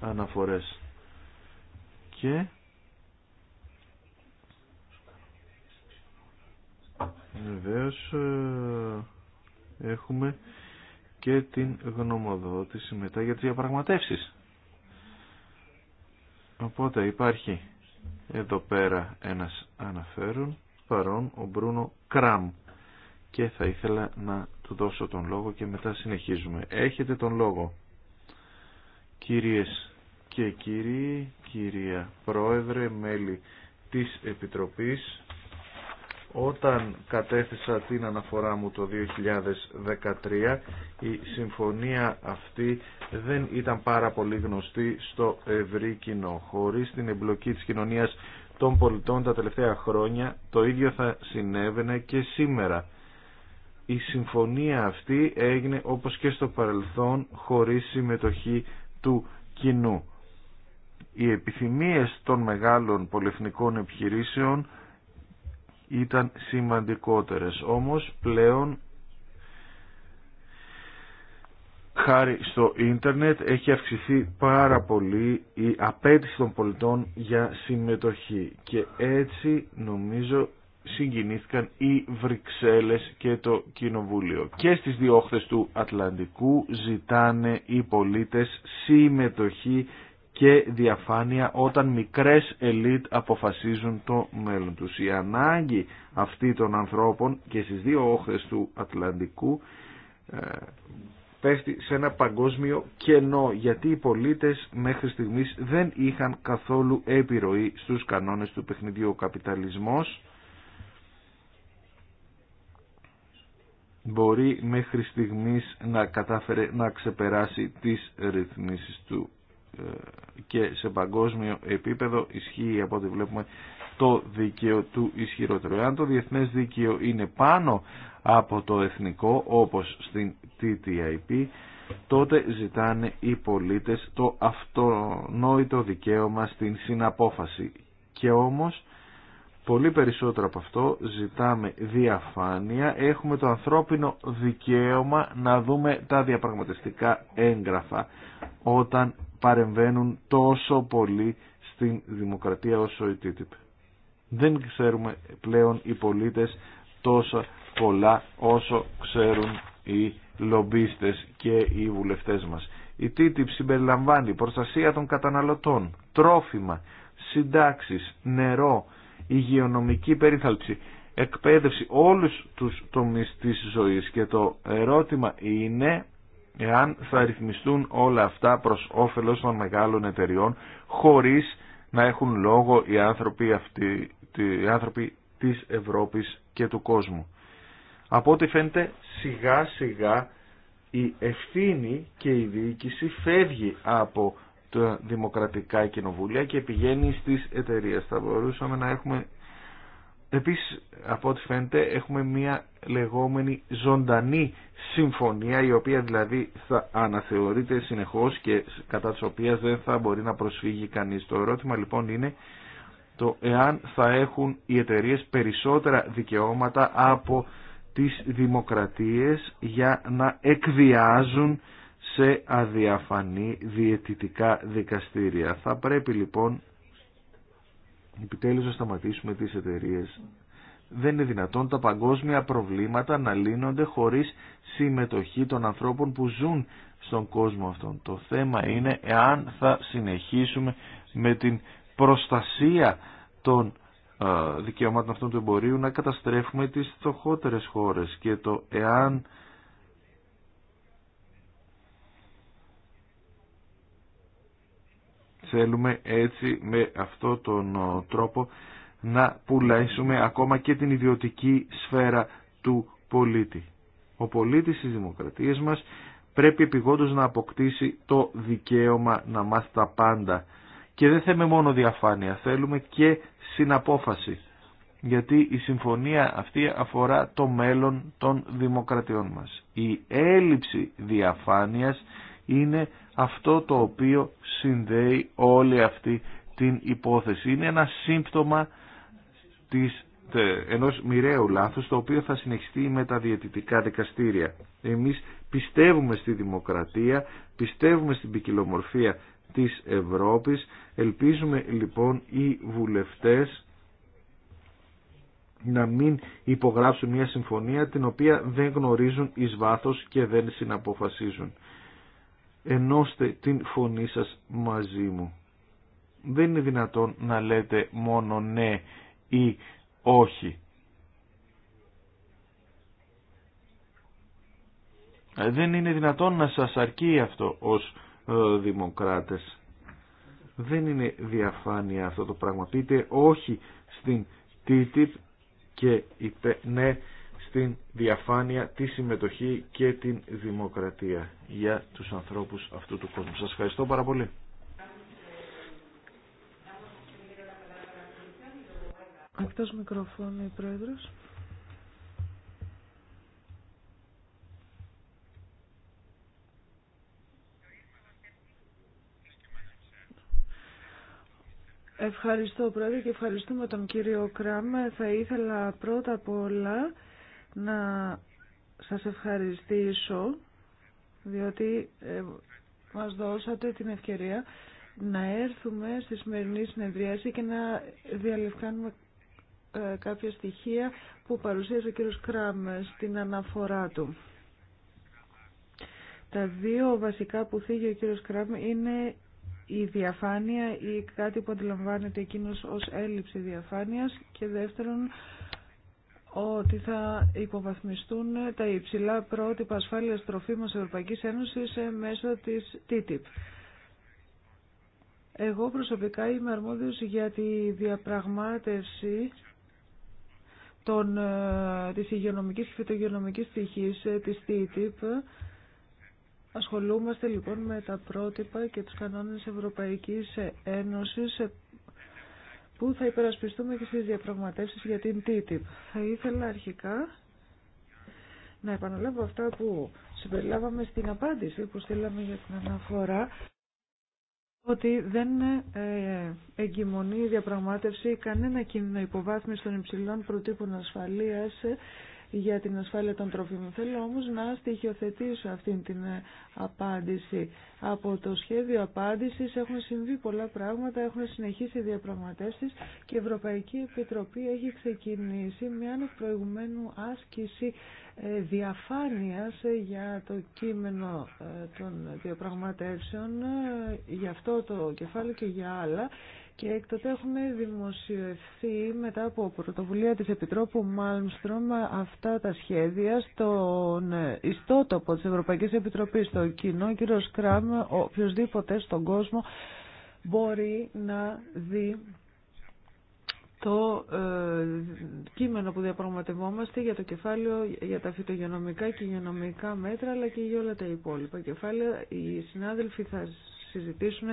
αναφορές και βεβαίως ε, έχουμε και την γνωμοδότηση μετά για τις διαπραγματεύσεις. Οπότε υπάρχει εδώ πέρα ένας αναφέρον παρόν ο Μπρούνο Κραμ και θα ήθελα να του δώσω τον λόγο και μετά συνεχίζουμε. Έχετε τον λόγο. Κυρίες και κύριοι, κυρία Πρόεδρε, μέλη της Επιτροπής, όταν κατέθεσα την αναφορά μου το 2013, η συμφωνία αυτή δεν ήταν πάρα πολύ γνωστή στο ευρύ κοινό. Χωρίς την εμπλοκή της κοινωνίας των πολιτών τα τελευταία χρόνια, το ίδιο θα συνέβαινε και σήμερα. Η συμφωνία αυτή έγινε όπως και στο παρελθόν χωρίς συμμετοχή του κοινού. Οι επιθυμίες των μεγάλων πολυεθνικών επιχειρήσεων ήταν σημαντικότερες. Όμως πλέον χάρη στο ίντερνετ έχει αυξηθεί πάρα πολύ η απέτηση των πολιτών για συμμετοχή και έτσι νομίζω συγκινήθηκαν οι Βρυξέλλες και το Κοινοβούλιο. Και στις δύο του Ατλαντικού ζητάνε οι πολίτες συμμετοχή και διαφάνεια όταν μικρές ελίτ αποφασίζουν το μέλλον τους. Η ανάγκη αυτή των ανθρώπων και στις δύο όχθες του Ατλαντικού ε, πέφτει σε ένα παγκόσμιο κενό γιατί οι πολίτες μέχρι στιγμής δεν είχαν καθόλου επιρροή στους κανόνες του παιχνιδιού. Ο καπιταλισμός μπορεί μέχρι στιγμής να κατάφερε να ξεπεράσει τις ρυθμίσεις του ε, και σε παγκόσμιο επίπεδο ισχύει από ό,τι βλέπουμε το δίκαιο του ισχυρότερου. Εάν το διεθνές δίκαιο είναι πάνω από το εθνικό όπως στην TTIP τότε ζητάνε οι πολίτες το αυτονόητο δικαίωμα στην συναπόφαση και όμως πολύ περισσότερο από αυτό ζητάμε διαφάνεια έχουμε το ανθρώπινο δικαίωμα να δούμε τα διαπραγματευτικά έγγραφα όταν παρεμβαίνουν τόσο πολύ στην δημοκρατία όσο η TTIP. Δεν ξέρουμε πλέον οι πολίτες τόσο πολλά όσο ξέρουν οι λομπίστες και οι βουλευτές μας. Η TTIP συμπεριλαμβάνει προστασία των καταναλωτών, τρόφιμα, συντάξεις, νερό, υγειονομική περίθαλψη, εκπαίδευση, όλους τους τομείς της ζωής και το ερώτημα είναι εάν θα ρυθμιστούν όλα αυτά προς όφελος των μεγάλων εταιριών χωρίς να έχουν λόγο οι άνθρωποι, αυτοί, οι της Ευρώπης και του κόσμου. Από ό,τι φαίνεται σιγά σιγά η ευθύνη και η διοίκηση φεύγει από τα δημοκρατικά κοινοβούλια και πηγαίνει στις εταιρείες. Θα μπορούσαμε να έχουμε Επίσης, από ό,τι φαίνεται, έχουμε μια λεγόμενη ζωντανή συμφωνία, η οποία δηλαδή θα αναθεωρείται συνεχώς και κατά της οποίας δεν θα μπορεί να προσφύγει κανείς. Το ερώτημα λοιπόν είναι το εάν θα έχουν οι εταιρείε περισσότερα δικαιώματα από τις δημοκρατίες για να εκβιάζουν σε αδιαφανή διαιτητικά δικαστήρια. Θα πρέπει λοιπόν Επιτέλους να σταματήσουμε τις εταιρείε. Δεν είναι δυνατόν τα παγκόσμια προβλήματα να λύνονται χωρίς συμμετοχή των ανθρώπων που ζουν στον κόσμο αυτόν. Το θέμα είναι εάν θα συνεχίσουμε με την προστασία των ε, δικαιωμάτων αυτών του εμπορίου να καταστρέφουμε τις φτωχότερε χώρες και το εάν Θέλουμε έτσι με αυτό τον ε, τρόπο να πουλάσουμε ακόμα και την ιδιωτική σφαίρα του πολίτη. Ο πολίτης της δημοκρατίας μας πρέπει επιγόντως να αποκτήσει το δικαίωμα να μάθει τα πάντα. Και δεν θέλουμε μόνο διαφάνεια, θέλουμε και συναπόφαση. Γιατί η συμφωνία αυτή αφορά το μέλλον των δημοκρατιών μας. Η έλλειψη διαφάνειας είναι αυτό το οποίο συνδέει όλη αυτή την υπόθεση. Είναι ένα σύμπτωμα της, ενός μοιραίου λάθους το οποίο θα συνεχιστεί με τα διαιτητικά δικαστήρια. Εμείς πιστεύουμε στη δημοκρατία, πιστεύουμε στην ποικιλομορφία της Ευρώπης. Ελπίζουμε λοιπόν οι βουλευτές να μην υπογράψουν μια συμφωνία την οποία δεν γνωρίζουν εις βάθος και δεν συναποφασίζουν ενώστε την φωνή σας μαζί μου. Δεν είναι δυνατόν να λέτε μόνο ναι ή όχι. Δεν είναι δυνατόν να σας αρκεί αυτό ως ε, δημοκράτες. Δεν είναι διαφάνεια αυτό το πράγμα. Πείτε όχι στην TTIP και είπε ναι στην διαφάνεια, τη συμμετοχή και την δημοκρατία για τους ανθρώπους αυτού του κόσμου. Σας ευχαριστώ πάρα πολύ. Εκτός μικροφώνου Πρόεδρος. Ευχαριστώ Πρόεδρε και ευχαριστούμε τον κύριο Κράμε. Θα ήθελα πρώτα απ' όλα να σας ευχαριστήσω διότι ε, μας δώσατε την ευκαιρία να έρθουμε στη σημερινή συνεδρίαση και να διαλευκάνουμε ε, κάποια στοιχεία που παρουσίασε ο κύριος Κράμ στην αναφορά του. Τα δύο βασικά που θίγει ο κύριος Κράμ είναι η διαφάνεια ή κάτι που αντιλαμβάνεται εκείνος ως έλλειψη διαφάνειας και δεύτερον ότι θα υποβαθμιστούν τα υψηλά πρότυπα ασφάλειας τροφίμων Ευρωπαϊκής Ένωσης ε, μέσω της TTIP. Εγώ προσωπικά είμαι αρμόδιος για τη διαπραγμάτευση των, ε, της υγειονομικής και φυτογειονομικής στοιχής ε, της TTIP. Ασχολούμαστε λοιπόν με τα πρότυπα και τους κανόνες Ευρωπαϊκής Ένωσης που θα υπερασπιστούμε και στις διαπραγματεύσεις για την TTIP. Θα ήθελα αρχικά να επαναλάβω αυτά που συμπεριλάβαμε στην απάντηση που στείλαμε για την αναφορά ότι δεν ε, εγκυμονεί η διαπραγμάτευση κανένα κίνδυνο υποβάθμιση των υψηλών προτύπων ασφαλείας για την ασφάλεια των τροφίμων. Θέλω όμως να στοιχειοθετήσω αυτή την ε, απάντηση. Από το σχέδιο απάντησης έχουν συμβεί πολλά πράγματα, έχουν συνεχίσει οι διαπραγματεύσεις και η Ευρωπαϊκή Επιτροπή έχει ξεκινήσει μια προηγουμένου άσκηση ε, διαφάνειας ε, για το κείμενο των διαπραγματεύσεων, για αυτό το κεφάλαιο και για άλλα και έκτοτε έχουν δημοσιευθεί μετά από πρωτοβουλία της Επιτρόπου Μάλμστρομ αυτά τα σχέδια στον ιστότοπο της Ευρωπαϊκής Επιτροπής, στο κοινό. Ο Σκράμ, οποιοδήποτε στον κόσμο μπορεί να δει το ε, κείμενο που διαπραγματευόμαστε για το κεφάλαιο για τα φυτογενομικά και γενομικά μέτρα αλλά και για όλα τα υπόλοιπα κεφάλαια. Οι συνάδελφοι θα συζητήσουν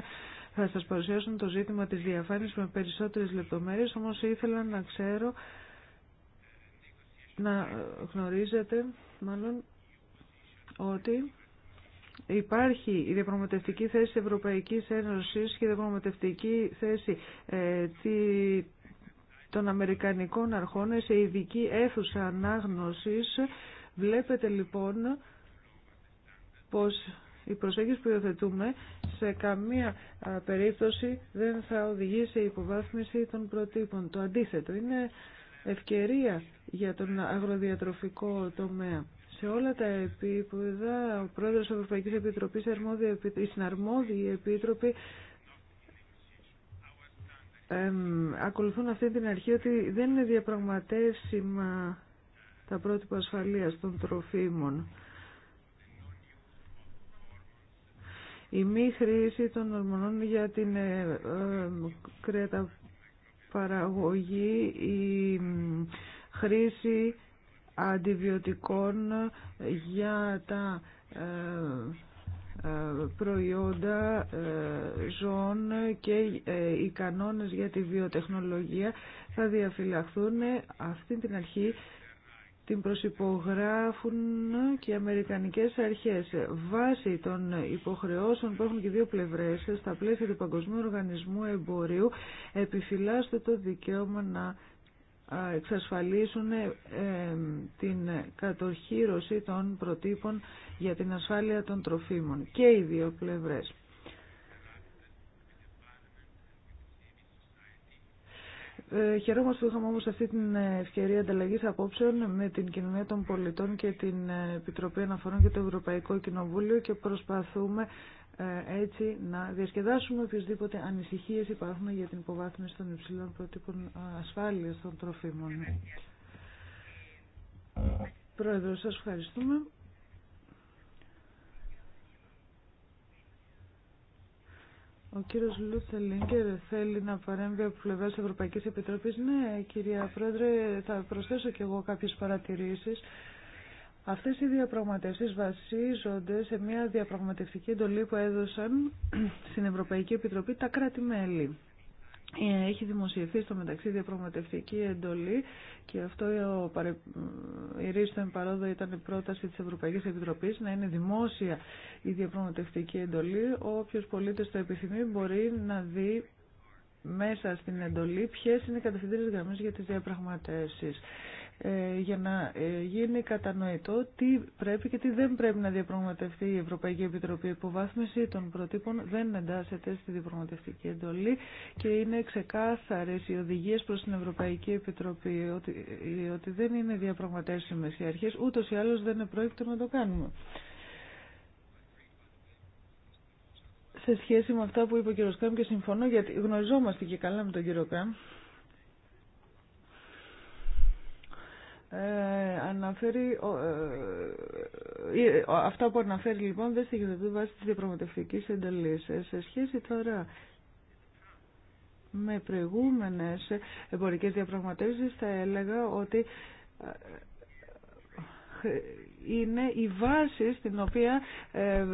θα σας παρουσιάσω το ζήτημα της διαφάνειας με περισσότερες λεπτομέρειες, όμως ήθελα να ξέρω, να γνωρίζετε μάλλον ότι υπάρχει η διαπραγματευτική θέση της Ευρωπαϊκής Ένωσης και η διαπραγματευτική θέση ε, των Αμερικανικών αρχών σε ειδική αίθουσα ανάγνωσης. Βλέπετε λοιπόν πως η προσέγγιση που υιοθετούμε σε καμία περίπτωση δεν θα οδηγήσει σε υποβάθμιση των προτύπων. Το αντίθετο είναι ευκαιρία για τον αγροδιατροφικό τομέα. Σε όλα τα επίπεδα, ο πρόεδρος της Ευρωπαϊκής Επιτροπής, οι συναρμόδιοι επίτροποι ακολουθούν αυτή την αρχή ότι δεν είναι διαπραγματεύσιμα τα πρότυπα ασφαλείας των τροφίμων. η μη χρήση των ορμονών για την ε, ε παραγωγή, η χρήση αντιβιωτικών για τα ε, ε, προϊόντα ζώων και οι κανόνες για τη βιοτεχνολογία θα διαφυλαχθούν. Αυτή την αρχή την προσυπογράφουν και οι Αμερικανικές αρχές. Βάσει των υποχρεώσεων που έχουν και δύο πλευρές στα πλαίσια του Παγκοσμίου Οργανισμού Εμπορίου επιφυλάσσεται το δικαίωμα να εξασφαλίσουν ε, την κατοχήρωση των προτύπων για την ασφάλεια των τροφίμων και οι δύο πλευρές. Ε, χαιρόμαστε που είχαμε όμως αυτή την ε, ευκαιρία ανταλλαγής απόψεων με την Κοινωνία των Πολιτών και την ε, Επιτροπή Αναφορών και το Ευρωπαϊκό Κοινοβούλιο και προσπαθούμε έτσι να διασκεδάσουμε οποιασδήποτε ανησυχίες υπάρχουν για την υποβάθμιση των υψηλών προτύπων ασφάλειας των τροφίμων. Πρόεδρο, σας ευχαριστούμε. Ο κύριο Λούτσε Λίνκερ θέλει να παρέμβει από πλευρά τη Ευρωπαϊκής Επιτροπής. Ναι, κυρία Πρόεδρε, θα προσθέσω κι εγώ κάποιε παρατηρήσεις. Αυτές οι διαπραγματεύσεις βασίζονται σε μια διαπραγματευτική εντολή που έδωσαν στην Ευρωπαϊκή Επιτροπή τα κράτη-μέλη. Ε, έχει δημοσιευθεί στο μεταξύ διαπραγματευτική εντολή και αυτό ε, η ρίστον παρόδο ήταν η πρόταση της Ευρωπαϊκής Επιτροπής να είναι δημόσια η διαπραγματευτική εντολή. Όποιος πολίτης το επιθυμεί μπορεί να δει μέσα στην εντολή ποιες είναι οι κατευθυντήρες γραμμές για τις διαπραγματεύσεις. Ε, για να ε, γίνει κατανοητό τι πρέπει και τι δεν πρέπει να διαπραγματευτεί η Ευρωπαϊκή Επιτροπή. Η υποβάθμιση των προτύπων δεν εντάσσεται στη διαπραγματευτική εντολή και είναι ξεκάθαρες οι οδηγίες προς την Ευρωπαϊκή Επιτροπή ότι, ότι δεν είναι διαπραγματεύσιμες οι αρχές, ούτως ή άλλως δεν είναι να το κάνουμε. Σε σχέση με αυτά που είπε ο κ. Κάμ και συμφωνώ γιατί γνωριζόμαστε και καλά με τον κ. Κάμ, Ε, αναφέρει, ε, ε, αυτά που αναφέρει λοιπόν δεν στοιχειοθετούν βάσει διαπραγματευτική διαπραγματευτικής Ε, σε σχέση τώρα με προηγούμενε εμπορικέ διαπραγματεύσεις θα έλεγα ότι είναι η βάση στην οποία ε,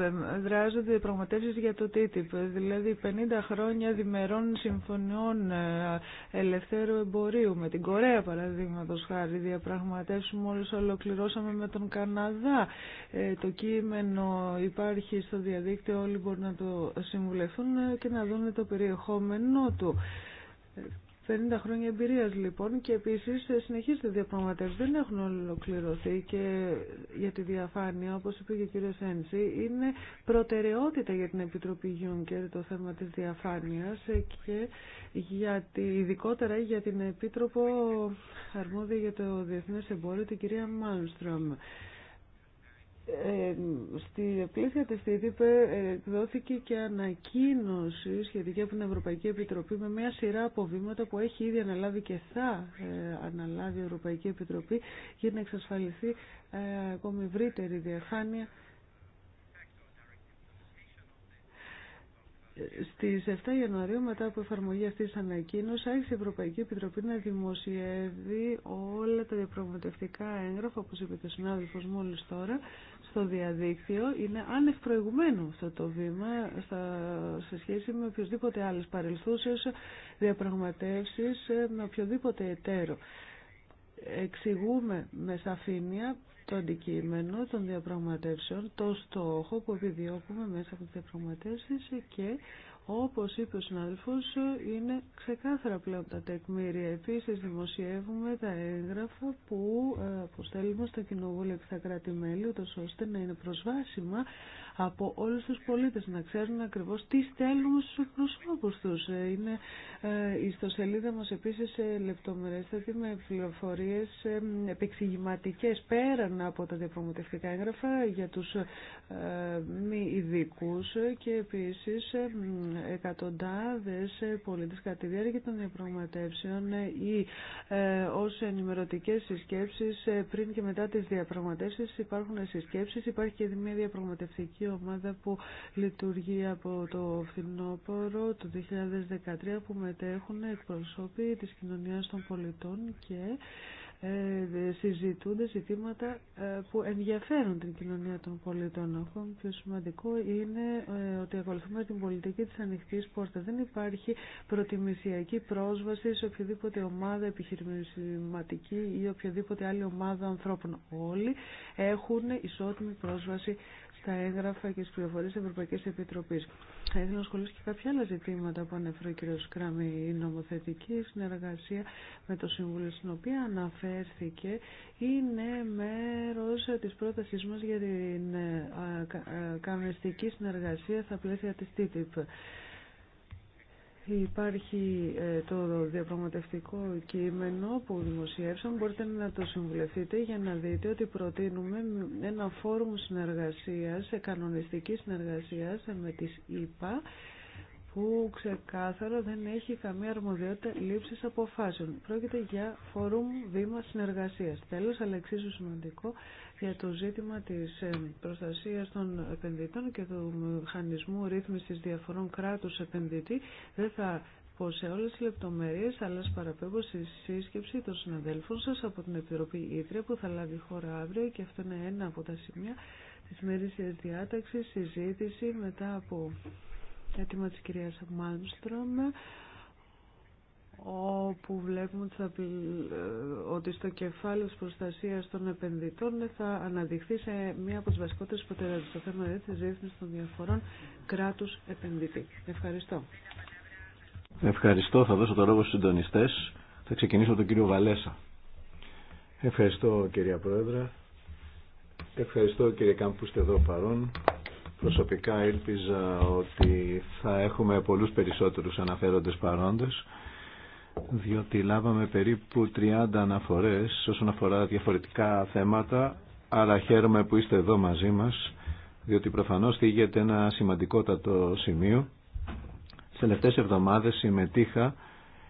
δράζονται οι πραγματεύσεις για το TTIP. Δηλαδή 50 χρόνια διμερών συμφωνιών ε, ελευθέρου εμπορίου με την Κορέα παραδείγματο χάρη διαπραγματεύσεις μόλις ολοκληρώσαμε με τον Καναδά. Ε, το κείμενο υπάρχει στο διαδίκτυο, όλοι μπορούν να το συμβουλευτούν και να δουν το περιεχόμενό του. 50 χρόνια εμπειρίας λοιπόν και επίσης συνεχίζεται διαπραγματεύση Δεν έχουν ολοκληρωθεί και για τη διαφάνεια, όπως είπε και ο κύριος Ένση, είναι προτεραιότητα για την Επιτροπή Γιούνκερ το θέμα της διαφάνειας και για τη, ειδικότερα για την Επίτροπο Αρμόδια για το Διεθνές Εμπόριο, την κυρία Μάλμστρομ. Ε, στη πλήθεια της ΤΤΙΠ εκδόθηκε και ανακοίνωση σχετικά από την Ευρωπαϊκή Επιτροπή με μια σειρά από βήματα που έχει ήδη αναλάβει και θα ε, αναλάβει η Ευρωπαϊκή Επιτροπή για να εξασφαλιστεί ε, ακόμη ευρύτερη διαφάνεια Στι 7 Ιανουαρίου, μετά από εφαρμογή αυτή τη ανακοίνωση, άρχισε η Ευρωπαϊκή Επιτροπή να δημοσιεύει όλα τα διαπραγματευτικά έγγραφα, όπω είπε και ο συνάδελφο μόλι τώρα, στο διαδίκτυο είναι ανευπροηγουμένο αυτό το βήμα στα, σε σχέση με οποιοδήποτε άλλες παρελθούσες διαπραγματεύσεις ε, με οποιοδήποτε εταίρο. Εξηγούμε με σαφήνεια το αντικείμενο των διαπραγματεύσεων, το στόχο που επιδιώκουμε μέσα από τις διαπραγματεύσεις και όπως είπε ο συνάδελφος, είναι ξεκάθαρα πλέον τα τεκμήρια. Επίσης δημοσιεύουμε τα έγγραφα που ε, αποστέλουμε στο Κοινοβούλιο και στα κράτη-μέλη, ώστε να είναι προσβάσιμα από όλους τους πολίτες, να ξέρουν ακριβώς τι στέλνουμε στους προσώπους τους. Ε, είναι ε, η ιστοσελίδα μας επίσης ε, λεπτομερέστατη με πληροφορίες επεξηγηματικές πέραν από τα διαπραγματευτικά έγγραφα για τους μη ειδικού και επίσης εκατοντάδες πολίτες κατά τη διάρκεια των διαπραγματεύσεων ή ως ενημερωτικές συσκέψεις πριν και μετά τις διαπραγματεύσεις υπάρχουν συσκέψεις, υπάρχει και μια διαπραγματευτική Ομάδα που λειτουργεί από το φθινόπωρο του 2013 που μετέχουν εκπροσώποι της κοινωνίας των πολιτών και ε, συζητούνται ζητήματα ε, που ενδιαφέρουν την κοινωνία των πολιτών. και πιο σημαντικό είναι ε, ότι ακολουθούμε την πολιτική της ανοιχτής πόρτα. Δεν υπάρχει προτιμησιακή πρόσβαση σε οποιαδήποτε ομάδα επιχειρηματική ή οποιαδήποτε άλλη ομάδα ανθρώπων. Όλοι έχουν ισότιμη πρόσβαση τα έγγραφα και τι πληροφορίε τη Ευρωπαϊκή Επιτροπή. Θα ήθελα να και κάποια άλλα ζητήματα που ανέφερε ο κ. Σκράμι, η νομοθετική συνεργασία με το Συμβούλιο, στην οποία αναφέρθηκε, είναι μέρο τη πρότασή μα για την ε, ε, κανονιστική συνεργασία στα πλαίσια τη TTIP. Υπάρχει ε, το διαπραγματευτικό κείμενο που δημοσιεύσαμε, μπορείτε να το συμβουλευτείτε για να δείτε ότι προτείνουμε ένα φόρουμ συνεργασίας, ε, κανονιστική συνεργασίας ε, με τις ΙΠΑ, που ξεκάθαρα δεν έχει καμία αρμοδιότητα λήψης αποφάσεων. Πρόκειται για φόρουμ βήμα συνεργασίας. Τέλος, αλλά εξίσου σημαντικό, για το ζήτημα της ε, προστασίας των επενδυτών και του μηχανισμού ρύθμισης διαφορών κράτους επενδυτή. Δεν θα πω σε όλες τις λεπτομέρειες, αλλά παραπέμπω στη σύσκεψη των συναδέλφων σας από την Επιτροπή Ήτρια που θα λάβει χώρα αύριο και αυτό είναι ένα από τα σημεία της της διάταξης, συζήτηση μετά από έτοιμα της κυρίας Μάνστρομ όπου βλέπουμε ε, ότι στο κεφάλαιο της προστασίας των επενδυτών θα αναδειχθεί σε μία από τις βασικότερες προτεραιότητες στο θέμα δηλαδή της διεύθυνσης των διαφορών κράτους επενδυτή. Ευχαριστώ. Ευχαριστώ. Θα δώσω το λόγο στους συντονιστές. Θα ξεκινήσω τον κύριο Βαλέσα. Ευχαριστώ κυρία Πρόεδρα. Ευχαριστώ κύριε Κάμπ που είστε εδώ παρόν. Προσωπικά ήλπιζα ότι θα έχουμε πολλούς περισσότερους αναφέροντες παρόντες διότι λάβαμε περίπου 30 αναφορές όσον αφορά διαφορετικά θέματα, αλλά χαίρομαι που είστε εδώ μαζί μας, διότι προφανώς θίγεται ένα σημαντικότατο σημείο. Τις τελευταίες εβδομάδες συμμετείχα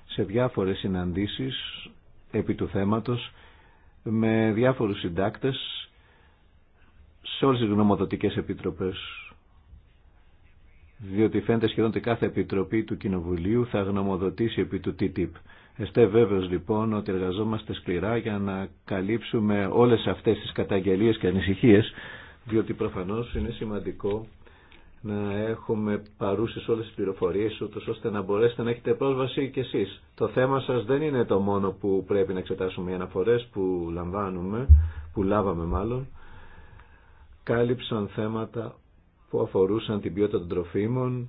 σε διάφορες συναντήσεις επί του θέματος με διάφορους συντάκτες σε όλες τις γνωμοδοτικές επιτροπές διότι φαίνεται σχεδόν ότι κάθε επιτροπή του Κοινοβουλίου θα γνωμοδοτήσει επί του TTIP. Εστέ βέβαιος λοιπόν ότι εργαζόμαστε σκληρά για να καλύψουμε όλες αυτές τις καταγγελίες και ανησυχίες, διότι προφανώς είναι σημαντικό να έχουμε παρούσες όλες τις πληροφορίες, ούτως ώστε να μπορέσετε να έχετε πρόσβαση κι εσείς. Το θέμα σας δεν είναι το μόνο που πρέπει να εξετάσουμε οι αναφορές που λαμβάνουμε, που λάβαμε μάλλον, κάλυψαν θέματα που αφορούσαν την ποιότητα των τροφίμων,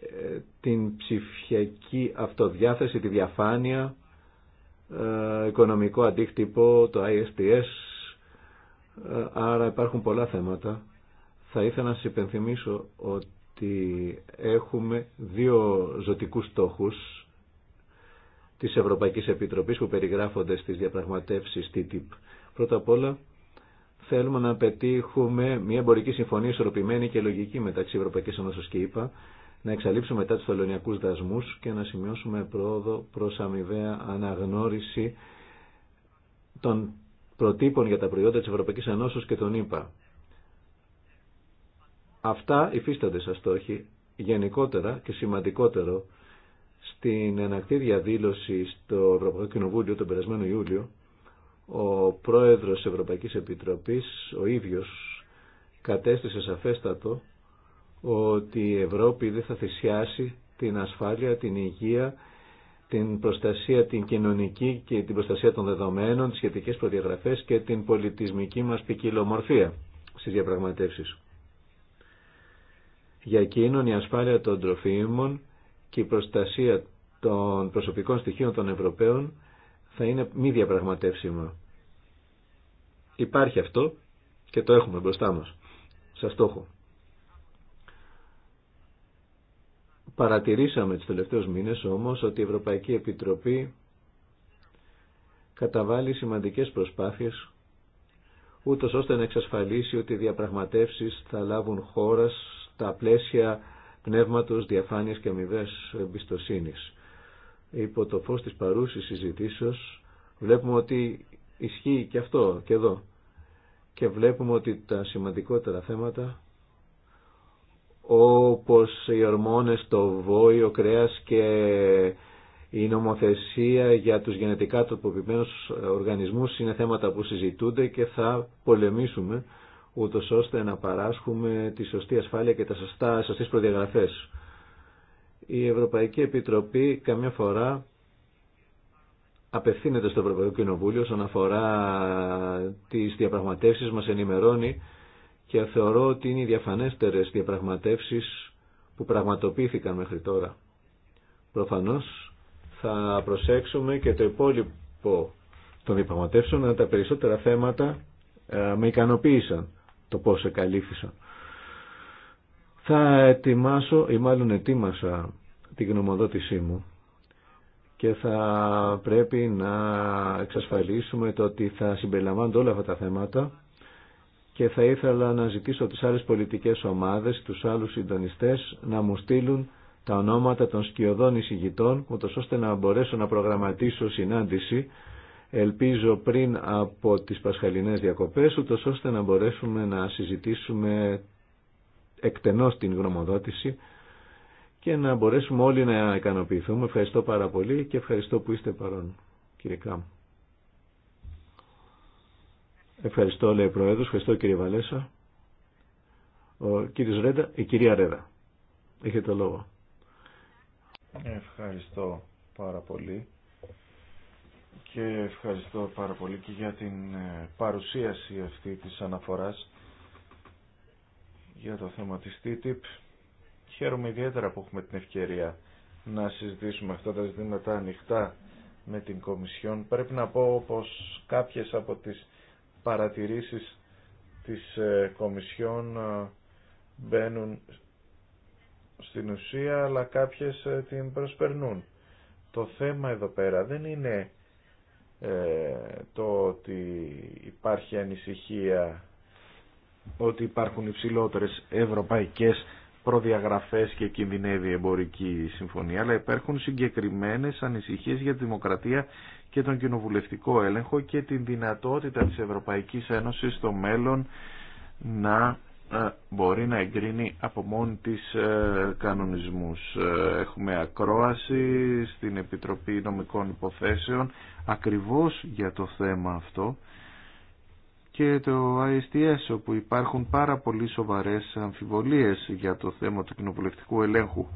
ε, την ψηφιακή αυτοδιάθεση, τη διαφάνεια, ε, οικονομικό αντίκτυπο, το ISTS, ε, Άρα υπάρχουν πολλά θέματα. Θα ήθελα να σας υπενθυμίσω ότι έχουμε δύο ζωτικούς στόχους της Ευρωπαϊκής Επιτροπής που περιγράφονται στις διαπραγματεύσεις TTIP. Πρώτα απ' όλα Θέλουμε να πετύχουμε μια εμπορική συμφωνία ισορροπημένη και λογική μεταξύ Ευρωπαϊκή Ένωση και ΕΠΑ, να εξαλείψουμε μετά του θελωνιακού δασμού και να σημειώσουμε πρόοδο προ αμοιβαία αναγνώριση των προτύπων για τα προϊόντα τη Ευρωπαϊκή Ένωση και των ΗΠΑ. Αυτά υφίστανται σαν στόχοι γενικότερα και σημαντικότερο στην ενακτή διαδήλωση στο Ευρωπαϊκό Κοινοβούλιο τον περασμένο Ιούλιο ο πρόεδρος Ευρωπαϊκής Επιτροπής, ο ίδιος, κατέστησε σαφέστατο ότι η Ευρώπη δεν θα θυσιάσει την ασφάλεια, την υγεία, την προστασία την κοινωνική και την προστασία των δεδομένων, τις σχετικές προδιαγραφές και την πολιτισμική μας ποικιλομορφία στις διαπραγματεύσεις. Για εκείνον η ασφάλεια των τροφίμων και η προστασία των προσωπικών στοιχείων των Ευρωπαίων θα είναι μη διαπραγματεύσιμα. Υπάρχει αυτό και το έχουμε μπροστά μας, το έχω. Παρατηρήσαμε τις τελευταίους μήνες όμως ότι η Ευρωπαϊκή Επιτροπή καταβάλει σημαντικές προσπάθειες ούτως ώστε να εξασφαλίσει ότι οι διαπραγματεύσεις θα λάβουν χώρα στα πλαίσια πνεύματος διαφάνειας και αμοιβές εμπιστοσύνης υπό το φως της παρούσης συζητήσεως βλέπουμε ότι ισχύει και αυτό και εδώ και βλέπουμε ότι τα σημαντικότερα θέματα όπως οι ορμόνες, το ο κρέας και η νομοθεσία για τους γενετικά τοποποιημένους οργανισμούς είναι θέματα που συζητούνται και θα πολεμήσουμε ούτω ώστε να παράσχουμε τη σωστή ασφάλεια και τα σωστά, σωστές προδιαγραφές η Ευρωπαϊκή Επιτροπή καμιά φορά απευθύνεται στο Ευρωπαϊκό Κοινοβούλιο όσον αφορά τις διαπραγματεύσεις, μας ενημερώνει και θεωρώ ότι είναι οι διαφανέστερες διαπραγματεύσεις που πραγματοποιήθηκαν μέχρι τώρα. Προφανώς θα προσέξουμε και το υπόλοιπο των διαπραγματεύσεων, αλλά τα περισσότερα θέματα ε, με ικανοποίησαν το πώς εκαλύφθησαν. Θα ετοιμάσω ή μάλλον ετοίμασα τη γνωμοδότησή μου και θα πρέπει να εξασφαλίσουμε το ότι θα συμπεριλαμβάνονται όλα αυτά τα θέματα και θα ήθελα να ζητήσω τις άλλες πολιτικές ομάδες, τους άλλους συντονιστές να μου στείλουν τα ονόματα των σκιωδών εισηγητών, ούτως ώστε να μπορέσω να προγραμματίσω συνάντηση, ελπίζω πριν από τις πασχαλινές διακοπές, ούτως ώστε να μπορέσουμε να συζητήσουμε εκτενώς την γνωμοδότηση και να μπορέσουμε όλοι να ικανοποιηθούμε. Ευχαριστώ πάρα πολύ και ευχαριστώ που είστε παρόν, κύριε Κάμ. Ευχαριστώ, λέει ο Πρόεδρος. Ευχαριστώ, κύριε Βαλέσα. Ο κύριος Ρέντα, η κυρία Ρέντα. Έχετε το λόγο. Ευχαριστώ πάρα πολύ και ευχαριστώ πάρα πολύ και για την ε, παρουσίαση αυτή της αναφοράς για το θέμα της TTIP. Χαίρομαι ιδιαίτερα που έχουμε την ευκαιρία να συζητήσουμε αυτά τα ζητήματα ανοιχτά με την Κομισιόν. Πρέπει να πω πως κάποιες από τις παρατηρήσεις της ε, Κομισιόν ε, μπαίνουν στην ουσία, αλλά κάποιες ε, την προσπερνούν. Το θέμα εδώ πέρα δεν είναι το ότι υπάρχει ανησυχία ότι υπάρχουν υψηλότερες ευρωπαϊκές προδιαγραφές και κινδυνεύει η εμπορική συμφωνία, αλλά υπάρχουν συγκεκριμένες ανησυχίες για τη δημοκρατία και τον κοινοβουλευτικό έλεγχο και την δυνατότητα της Ευρωπαϊκής Ένωσης στο μέλλον να ε, μπορεί να εγκρίνει από μόνη της ε, κανονισμούς. Ε, έχουμε ακρόαση στην Επιτροπή Νομικών Υποθέσεων ακριβώς για το θέμα αυτό και το ISTS όπου υπάρχουν πάρα πολύ σοβαρές αμφιβολίες για το θέμα του κοινοβουλευτικού ελέγχου.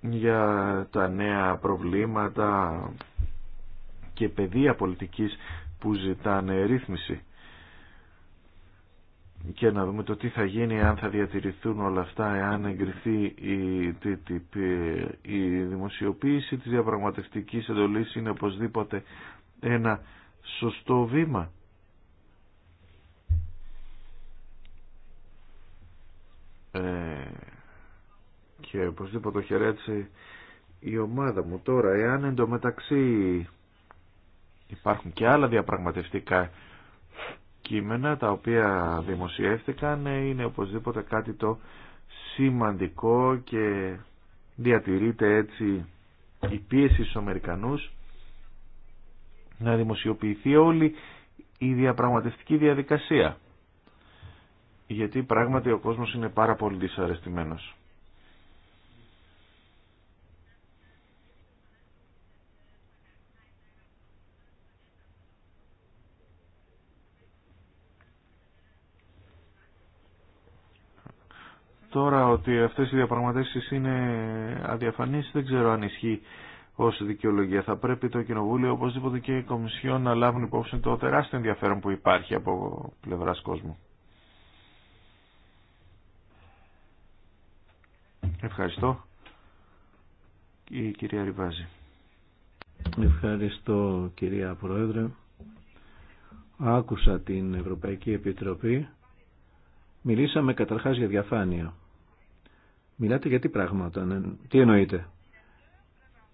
για τα νέα προβλήματα και παιδεία πολιτικής που ζητάνε ρύθμιση και να δούμε το τι θα γίνει αν θα διατηρηθούν όλα αυτά εάν εγκριθεί η, η δημοσιοποίηση της διαπραγματευτικής εντολής είναι οπωσδήποτε ένα σωστό βήμα ε, και οπωσδήποτε χαιρέτησε η ομάδα μου τώρα εάν εντωμεταξύ υπάρχουν και άλλα διαπραγματευτικά κείμενα τα οποία δημοσιεύτηκαν είναι οπωσδήποτε κάτι το σημαντικό και διατηρείται έτσι η πίεση στους Αμερικανούς να δημοσιοποιηθεί όλη η διαπραγματευτική διαδικασία. Γιατί πράγματι ο κόσμος είναι πάρα πολύ δυσαρεστημένος. τώρα ότι αυτές οι διαπραγματεύσεις είναι αδιαφανείς δεν ξέρω αν ισχύει ως δικαιολογία. Θα πρέπει το Κοινοβούλιο οπωσδήποτε και η Κομισιόν να λάβουν υπόψη το τεράστιο ενδιαφέρον που υπάρχει από πλευράς κόσμου. Ευχαριστώ. Η κυρία Ριβάζη. Ευχαριστώ κυρία Πρόεδρε. Άκουσα την Ευρωπαϊκή Επιτροπή. Μιλήσαμε καταρχάς για διαφάνεια. Μιλάτε για τι πράγματα, ναι. τι εννοείτε.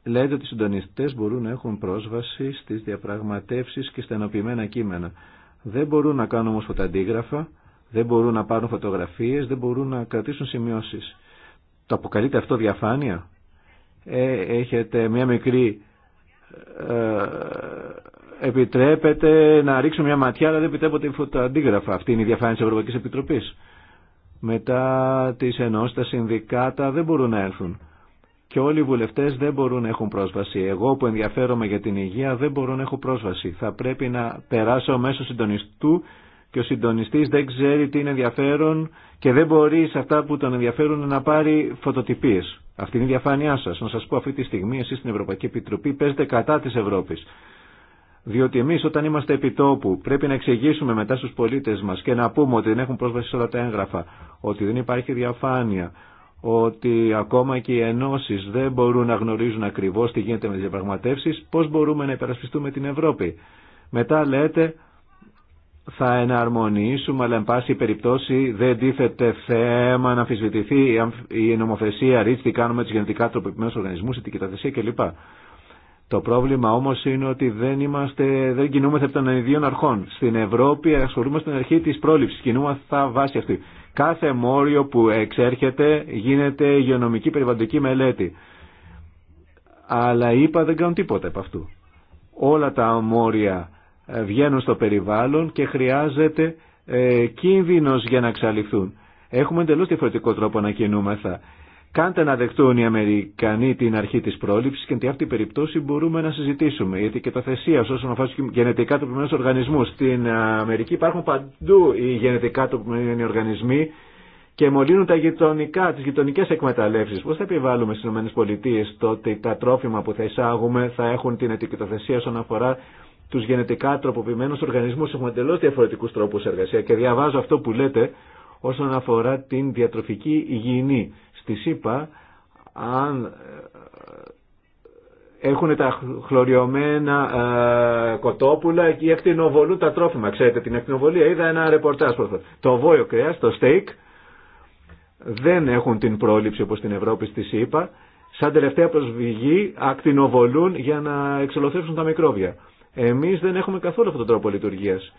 Λέτε ότι οι συντονιστέ μπορούν να έχουν πρόσβαση στι διαπραγματεύσει και στα ενοποιημένα κείμενα. Δεν μπορούν να κάνουν όμω φωταντίγραφα, δεν μπορούν να πάρουν φωτογραφίε, δεν μπορούν να κρατήσουν σημειώσει. Το αποκαλείτε αυτό διαφάνεια. Ε, έχετε μια μικρή. Ε, να ρίξω μια ματιά, αλλά δεν επιτρέπονται φωτοαντίγραφα. Αυτή είναι η διαφάνεια τη Ευρωπαϊκή Επιτροπή μετά τις ενώσεις, τα συνδικάτα δεν μπορούν να έρθουν Και όλοι οι βουλευτές δεν μπορούν να έχουν πρόσβαση. Εγώ που ενδιαφέρομαι για την υγεία δεν μπορώ να έχω πρόσβαση. Θα πρέπει να περάσω μέσω συντονιστού και ο συντονιστής δεν ξέρει τι είναι ενδιαφέρον και δεν μπορεί σε αυτά που τον ενδιαφέρουν να πάρει φωτοτυπίες. Αυτή είναι η διαφάνειά σας. Να σας πω αυτή τη στιγμή εσείς στην Ευρωπαϊκή Επιτροπή παίζετε κατά της Ευρώπης. Διότι εμεί όταν είμαστε επιτόπου πρέπει να εξηγήσουμε μετά στου πολίτε μα και να πούμε ότι δεν έχουν πρόσβαση σε όλα τα έγγραφα, ότι δεν υπάρχει διαφάνεια, ότι ακόμα και οι ενώσει δεν μπορούν να γνωρίζουν ακριβώ τι γίνεται με τι διαπραγματεύσει, πώ μπορούμε να υπερασπιστούμε την Ευρώπη. Μετά λέτε θα εναρμονίσουμε, αλλά εν πάση περιπτώσει δεν τίθεται θέμα να αμφισβητηθεί η νομοθεσία ρίτς, τι κάνουμε του γενετικά τροποποιημένου οργανισμού, η τικηταθεσία κλπ. Το πρόβλημα όμως είναι ότι δεν, είμαστε, δεν κινούμαστε από των ιδίων αρχών. Στην Ευρώπη ασχολούμαστε στην αρχή της πρόληψης, κινούμαστε βάση αυτή. Κάθε μόριο που εξέρχεται γίνεται υγειονομική περιβαλλοντική μελέτη. Αλλά είπα δεν κάνουν τίποτα από αυτού. Όλα τα μόρια ε, βγαίνουν στο περιβάλλον και χρειάζεται ε, κίνδυνος για να εξαλειφθούν. Έχουμε εντελώ διαφορετικό τρόπο να κινούμεθα. Κάντε να δεχτούν οι Αμερικανοί την αρχή τη πρόληψη και την αυτή περιπτώση μπορούμε να συζητήσουμε. Γιατί και τα θεσία όσον αφορά του γενετικά τροπημένου οργανισμού. Στην Αμερική υπάρχουν παντού οι γενετικά τροποποιημένοι οργανισμοί και μολύνουν τα γειτονικά, τι γειτονικέ εκμεταλλεύσει. Πώ θα επιβάλλουμε στι ΗΠΑ ότι τα τρόφιμα που θα εισάγουμε θα έχουν την ετικετοθεσία όσον αφορά του γενετικά τροποποιημένου οργανισμού. Έχουμε εντελώ διαφορετικού τρόπου εργασία και διαβάζω αυτό που λέτε όσον αφορά την διατροφική υγιεινή Στη ΣΥΠΑ, αν ε, έχουν τα χλωριωμένα ε, κοτόπουλα και ακτινοβολούν τα τρόφιμα. Ξέρετε την ακτινοβολία, είδα ένα ρεπορτάζ πρόσφατα. Το βόλιο κρέας, το στέικ, δεν έχουν την πρόληψη όπως στην Ευρώπη στη ΣΥΠΑ. Σαν τελευταία προσβυγή ακτινοβολούν για να εξολοθέψουν τα μικρόβια. Εμείς δεν έχουμε καθόλου αυτόν τον τρόπο λειτουργίας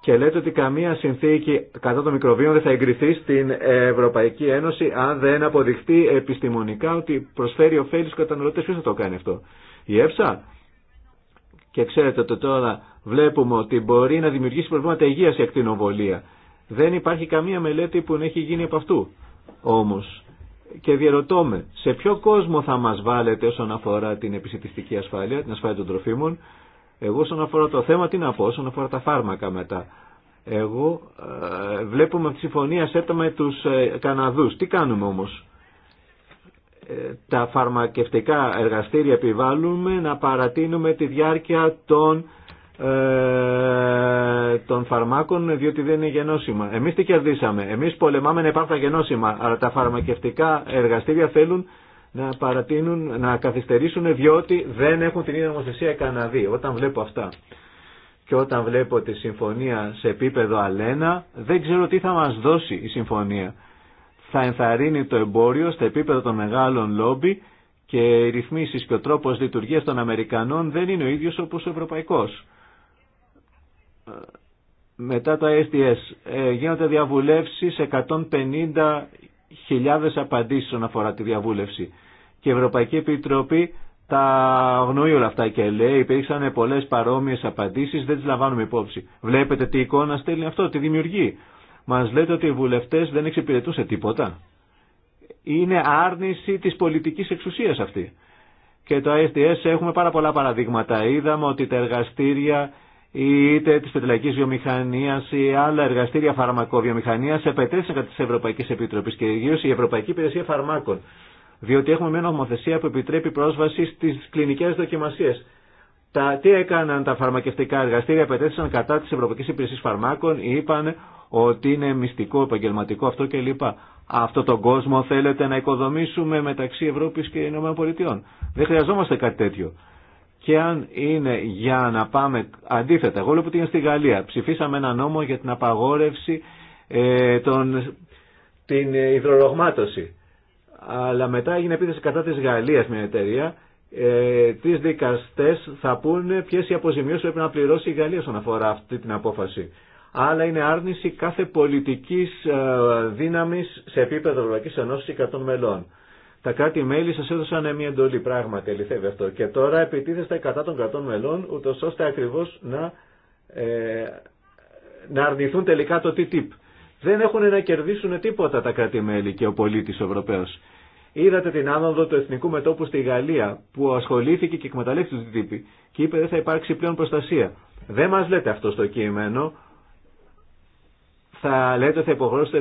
και λέτε ότι καμία συνθήκη κατά των μικροβίων δεν θα εγκριθεί στην Ευρωπαϊκή Ένωση αν δεν αποδειχτεί επιστημονικά ότι προσφέρει ωφέλη στους καταναλωτές. Ποιος θα το κάνει αυτό, η ΕΦΣΑ. Και ξέρετε ότι τώρα βλέπουμε ότι μπορεί να δημιουργήσει προβλήματα υγείας η ακτινοβολία. Δεν υπάρχει καμία μελέτη που να έχει γίνει από αυτού. Όμως, και διαρωτώ με, σε ποιο κόσμο θα μας βάλετε όσον αφορά την επιστημιστική ασφάλεια, την ασφάλεια των τροφίμων, εγώ όσον αφορά το θέμα, τι να πω, όσον αφορά τα φάρμακα μετά. Εγώ ε, βλέπουμε τη συμφωνία ΣΕΤΑ με τους ε, Καναδούς. Τι κάνουμε όμως. Ε, τα φαρμακευτικά εργαστήρια επιβάλλουμε να παρατείνουμε τη διάρκεια των, των φαρμάκων διότι δεν είναι γενώσιμα. Εμείς τι κερδίσαμε. Εμείς πολεμάμε να υπάρχουν γενώσιμα. Αλλά τα φαρμακευτικά εργαστήρια θέλουν να παρατείνουν, να καθυστερήσουν διότι δεν έχουν την ίδια νομοθεσία οι Όταν βλέπω αυτά και όταν βλέπω τη συμφωνία σε επίπεδο αλένα, δεν ξέρω τι θα μας δώσει η συμφωνία. Θα ενθαρρύνει το εμπόριο στο επίπεδο των μεγάλων λόμπι και οι ρυθμίσεις και ο τρόπος λειτουργίας των Αμερικανών δεν είναι ο ίδιος όπως ο ευρωπαϊκός. Ε, μετά το STS ε, γίνονται διαβουλεύσεις 150 χιλιάδες απαντήσεις όσον αφορά τη διαβούλευση. Και η Ευρωπαϊκή Επιτροπή τα γνωρίζει όλα αυτά και λέει υπήρξαν πολλές παρόμοιες απαντήσεις, δεν τις λαμβάνουμε υπόψη. Βλέπετε τι εικόνα στέλνει αυτό, τι δημιουργεί. Μας λέτε ότι οι βουλευτές δεν εξυπηρετούσε τίποτα. Είναι άρνηση της πολιτικής εξουσίας αυτή. Και το ISDS έχουμε πάρα πολλά παραδείγματα. Είδαμε ότι τα εργαστήρια είτε της πετρελαϊκής βιομηχανίας ή άλλα εργαστήρια φαρμακοβιομηχανίας επετέθησαν κατά της Ευρωπαϊκής Επιτροπής και ιδίως η Ευρωπαϊκή Υπηρεσία Φαρμάκων. Διότι έχουμε μια νομοθεσία που επιτρέπει πρόσβαση στις κλινικές δοκιμασίες. Τα, τι έκαναν τα φαρμακευτικά εργαστήρια, επετρεψαν κατά της Ευρωπαϊκής Υπηρεσίας Φαρμάκων ή είπαν ότι είναι μυστικό, επαγγελματικό αυτό κλπ. Αυτό τον κόσμο θέλετε να οικοδομήσουμε μεταξύ Ευρώπης και ΗΠΑ. Δεν χρειαζόμαστε κάτι τέτοιο και αν είναι για να πάμε αντίθετα, εγώ λέω που είναι στη Γαλλία, ψηφίσαμε ένα νόμο για την απαγόρευση ε, την υδρολογμάτωση. Αλλά μετά έγινε επίθεση κατά της Γαλλίας μια εταιρεία, ε, τις δικαστές θα πούνε ποιε οι αποζημιώσεις πρέπει να πληρώσει η Γαλλία όσον αφορά αυτή την απόφαση. Αλλά είναι άρνηση κάθε πολιτικής ε, δύναμη σε επίπεδο Ένωση και 100 μελών. Τα κράτη-μέλη σα έδωσαν μια εντολή. Πράγματι, αληθεύει αυτό. Και τώρα επιτίθεστε κατά των κρατών μελών, ούτω ώστε ακριβώ να, ε, να αρνηθούν τελικά το TTIP. Δεν έχουν να κερδίσουν τίποτα τα κράτη-μέλη και ο πολίτη Ευρωπαίο. Είδατε την άνοδο του Εθνικού Μετώπου στη Γαλλία που ασχολήθηκε και εκμεταλλεύτηκε το TTIP και είπε δεν θα υπάρξει πλέον προστασία. Δεν μα λέτε αυτό στο κείμενο. Θα λέτε ότι θα υποχρώσετε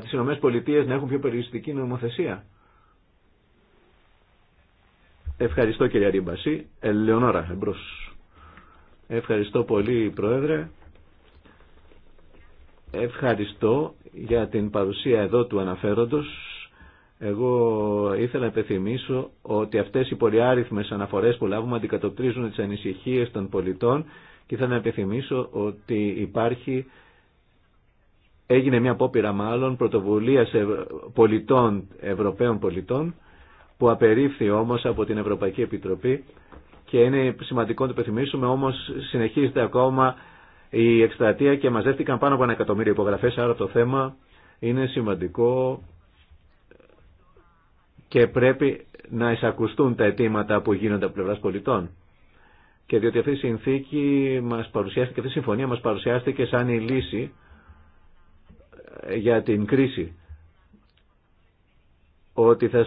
τι ΗΠΑ να έχουν πιο περιοριστική νομοθεσία. Ευχαριστώ κυρία Ρίμπαση. Ελεονόρα, Ευχαριστώ πολύ Πρόεδρε. Ευχαριστώ για την παρουσία εδώ του αναφέροντος. Εγώ ήθελα να επιθυμίσω ότι αυτές οι πολυάριθμες αναφορές που λάβουμε αντικατοπτρίζουν τις ανησυχίες των πολιτών και ήθελα να ότι υπάρχει έγινε μια απόπειρα μάλλον πρωτοβουλία ε, πολιτών, Ευρωπαίων πολιτών που απερίφθη όμως από την Ευρωπαϊκή Επιτροπή και είναι σημαντικό να το υπενθυμίσουμε, όμως συνεχίζεται ακόμα η εκστρατεία και μαζεύτηκαν πάνω από ένα εκατομμύριο υπογραφές, άρα το θέμα είναι σημαντικό και πρέπει να εισακουστούν τα αιτήματα που γίνονται από πλευρά πολιτών. Και διότι αυτή η συνθήκη μας παρουσιάστηκε, αυτή η συμφωνία μας παρουσιάστηκε σαν η λύση ε, για την κρίση. Ότι θα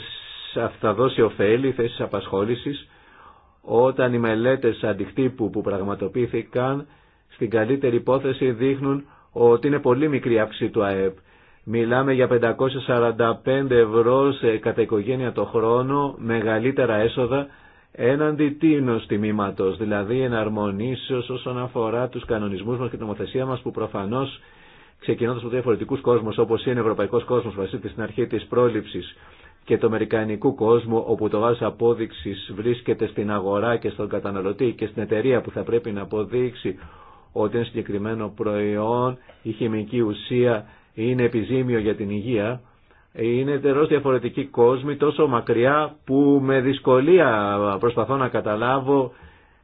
θα δώσει ωφέλη, θέσεις απασχόλησης, όταν οι μελέτες αντικτύπου που πραγματοποιήθηκαν στην καλύτερη υπόθεση δείχνουν ότι είναι πολύ μικρή αύξηση του ΑΕΠ. Μιλάμε για 545 ευρώ σε κατά οικογένεια το χρόνο, μεγαλύτερα έσοδα, έναντι τίνος τιμήματος, δηλαδή εναρμονίσεως όσον αφορά τους κανονισμούς μας και την νομοθεσία μας που προφανώς ξεκινώντας από διαφορετικούς κόσμους όπως είναι ο ευρωπαϊκός κόσμος βασίζεται στην αρχή της πρόληψης και το αμερικανικού κόσμο, όπου το βάρος απόδειξης βρίσκεται στην αγορά και στον καταναλωτή και στην εταιρεία που θα πρέπει να αποδείξει ότι ένα συγκεκριμένο προϊόν η χημική ουσία είναι επιζήμιο για την υγεία είναι εντελώ διαφορετικοί κόσμοι τόσο μακριά που με δυσκολία προσπαθώ να καταλάβω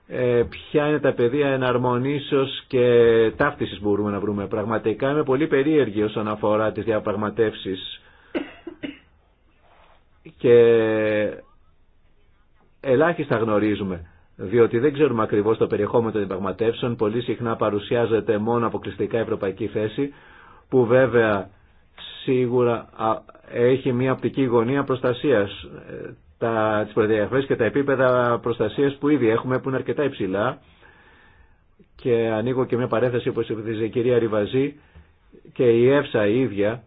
ε, ποια είναι τα πεδία εναρμονίσεως και ταύτισης μπορούμε να βρούμε. Πραγματικά είμαι πολύ περίεργη όσον αφορά τις διαπραγματεύσεις και ελάχιστα γνωρίζουμε διότι δεν ξέρουμε ακριβώς το περιεχόμενο των διαπραγματεύσεων, πολύ συχνά παρουσιάζεται μόνο αποκλειστικά ευρωπαϊκή θέση, που βέβαια σίγουρα έχει μια οπτική γωνία προστασίας, ε, τα, τις και τα επίπεδα προστασίας που ήδη έχουμε, που είναι αρκετά υψηλά. Και ανοίγω και μια παρέθεση, όπως είπε η κυρία Ριβαζή, και η ΕΦΣΑ ίδια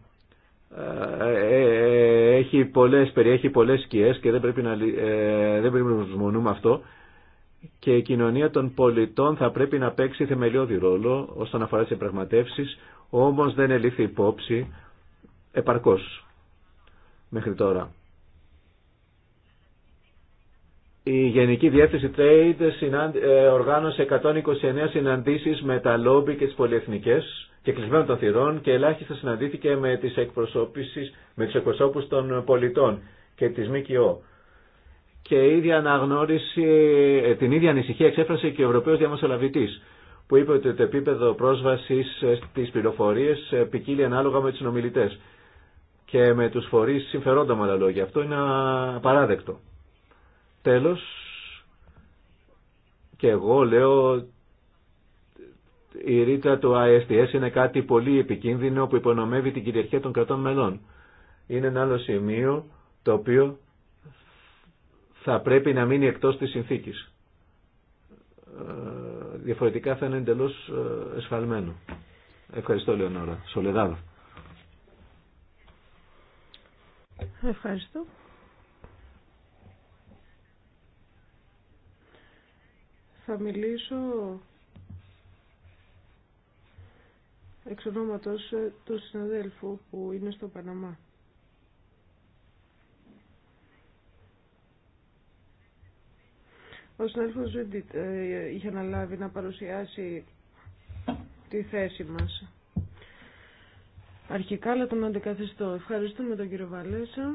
έχει πολλές, περιέχει πολλές σκιές και δεν πρέπει να, ε, δεν πρέπει να αυτό και η κοινωνία των πολιτών θα πρέπει να παίξει θεμελιώδη ρόλο όσον αφορά τις επραγματεύσεις όμως δεν ελήφθη υπόψη επαρκώς μέχρι τώρα. Η Γενική Διεύθυνση Trade ε, οργάνωσε 129 συναντήσεις με τα λόμπι και τις πολυεθνικές και κλεισμένο των θυρών και ελάχιστα συναντήθηκε με τις, εκπροσώπησεις, με τις εκπροσώπους των πολιτών και της ΜΚΟ. Και η ίδια αναγνώριση, ε, την ίδια ανησυχία εξέφρασε και ο Ευρωπαίος Διαμεσολαβητής που είπε ότι το επίπεδο πρόσβασης στις πληροφορίες ποικίλει ανάλογα με τους συνομιλητές και με τους φορείς συμφερόντα με άλλα λόγια. Αυτό είναι απαράδεκτο. Τέλος, και εγώ λέω η ρήτρα του ISDS είναι κάτι πολύ επικίνδυνο που υπονομεύει την κυριαρχία των κρατών μελών. Είναι ένα άλλο σημείο το οποίο θα πρέπει να μείνει εκτός της συνθήκης. Ε, διαφορετικά θα είναι εντελώς ε, εσφαλμένο. Ευχαριστώ Λεωνόρα. Σολεδάδο. Ευχαριστώ. Θα μιλήσω εξ ονόματος ε, του συναδέλφου που είναι στο Παναμά. Ο συνάδελφος Ζουντιτ ε, είχε αναλάβει να παρουσιάσει τη θέση μας. Αρχικά, αλλά τον αντικαθιστώ. Ευχαριστούμε τον κύριο Βαλέσα.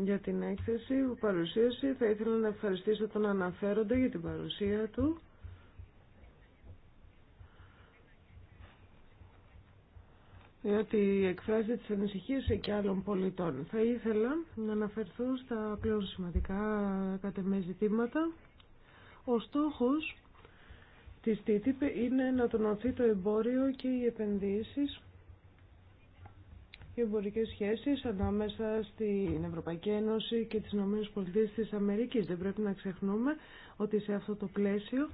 για την έκθεση που παρουσίασε. Θα ήθελα να ευχαριστήσω τον αναφέροντα για την παρουσία του. διότι εκφράζει τις ανησυχίες και άλλων πολιτών. Θα ήθελα να αναφερθώ στα πλέον σημαντικά κατεμέ ζητήματα. Ο στόχος της TTIP είναι να τονωθεί το εμπόριο και οι επενδύσεις και εμπορικέ σχέσεις ανάμεσα στην Ευρωπαϊκή Ένωση και τις ΗΠΑ της Αμερικής. Δεν πρέπει να ξεχνούμε ότι σε αυτό το πλαίσιο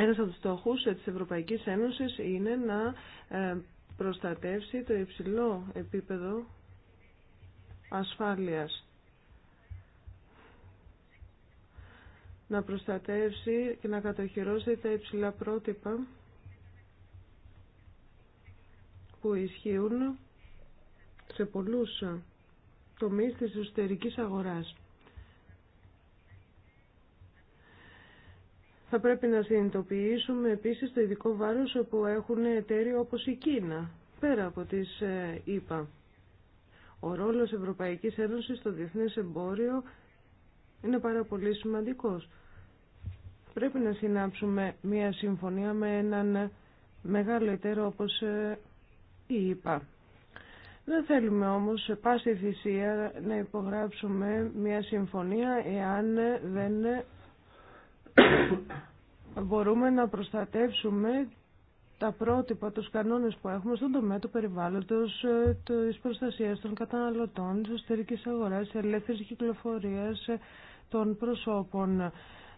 ένας από τους στόχους ε, της Ευρωπαϊκής Ένωσης είναι να ε, προστατεύσει το υψηλό επίπεδο ασφάλειας. Να προστατεύσει και να κατοχυρώσει τα υψηλά πρότυπα που ισχύουν σε πολλούς τομείς της εσωτερικής αγοράς. Θα πρέπει να συνειδητοποιήσουμε επίσης το ειδικό βάρος που έχουν εταίροι όπως η Κίνα, πέρα από τις ΕΠΑ. Ο ρόλος Ευρωπαϊκής Ένωσης στο διεθνές εμπόριο είναι πάρα πολύ σημαντικός. Πρέπει να συνάψουμε μια συμφωνία με έναν μεγάλο εταίρο όπως ε, η ΕΠΑ. Δεν θέλουμε όμως σε πάση θυσία να υπογράψουμε μια συμφωνία εάν δεν μπορούμε να προστατεύσουμε τα πρότυπα, τους κανόνες που έχουμε στον τομέα του περιβάλλοντος, ε, της προστασίας των καταναλωτών, της εσωτερικής αγοράς, της ελεύθερης κυκλοφορίας ε, των προσώπων.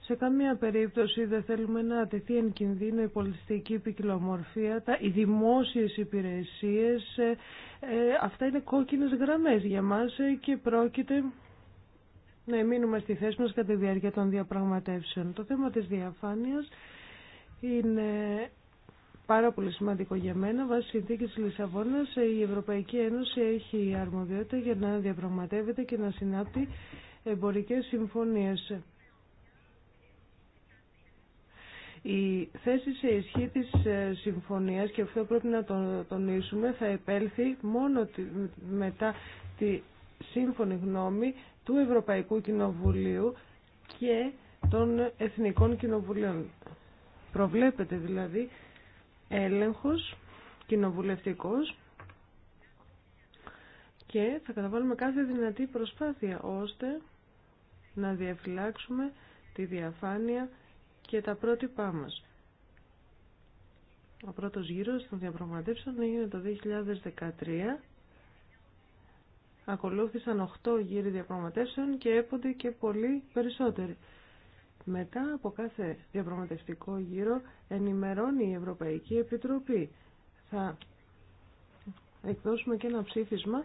Σε καμία περίπτωση δεν θέλουμε να τεθεί εν κινδύνο η πολιτιστική ποικιλομορφία, τα, οι δημόσιες υπηρεσίες. Ε, αυτά είναι κόκκινες γραμμές για μας και πρόκειται να εμείνουμε στη θέση μας κατά τη διάρκεια των διαπραγματεύσεων. Το θέμα της διαφάνειας είναι πάρα πολύ σημαντικό για μένα. Βάσει συνθήκη της Λισαβόνα, η Ευρωπαϊκή Ένωση έχει αρμοδιότητα για να διαπραγματεύεται και να συνάπτει εμπορικές συμφωνίες. Η θέση σε ισχύ της ε, συμφωνίας, και αυτό πρέπει να το τονίσουμε, θα επέλθει μόνο μετά τη σύμφωνη γνώμη του Ευρωπαϊκού Κοινοβουλίου και των Εθνικών Κοινοβουλίων. Προβλέπεται δηλαδή έλεγχος κοινοβουλευτικός και θα καταβάλουμε κάθε δυνατή προσπάθεια ώστε να διαφυλάξουμε τη διαφάνεια και τα πρότυπά μας. Ο πρώτος γύρος των διαπραγματεύσεων έγινε το 2013 ακολούθησαν 8 γύροι διαπραγματεύσεων και έπονται και πολύ περισσότεροι. Μετά από κάθε διαπραγματευτικό γύρο ενημερώνει η Ευρωπαϊκή Επιτροπή. Θα εκδώσουμε και ένα ψήφισμα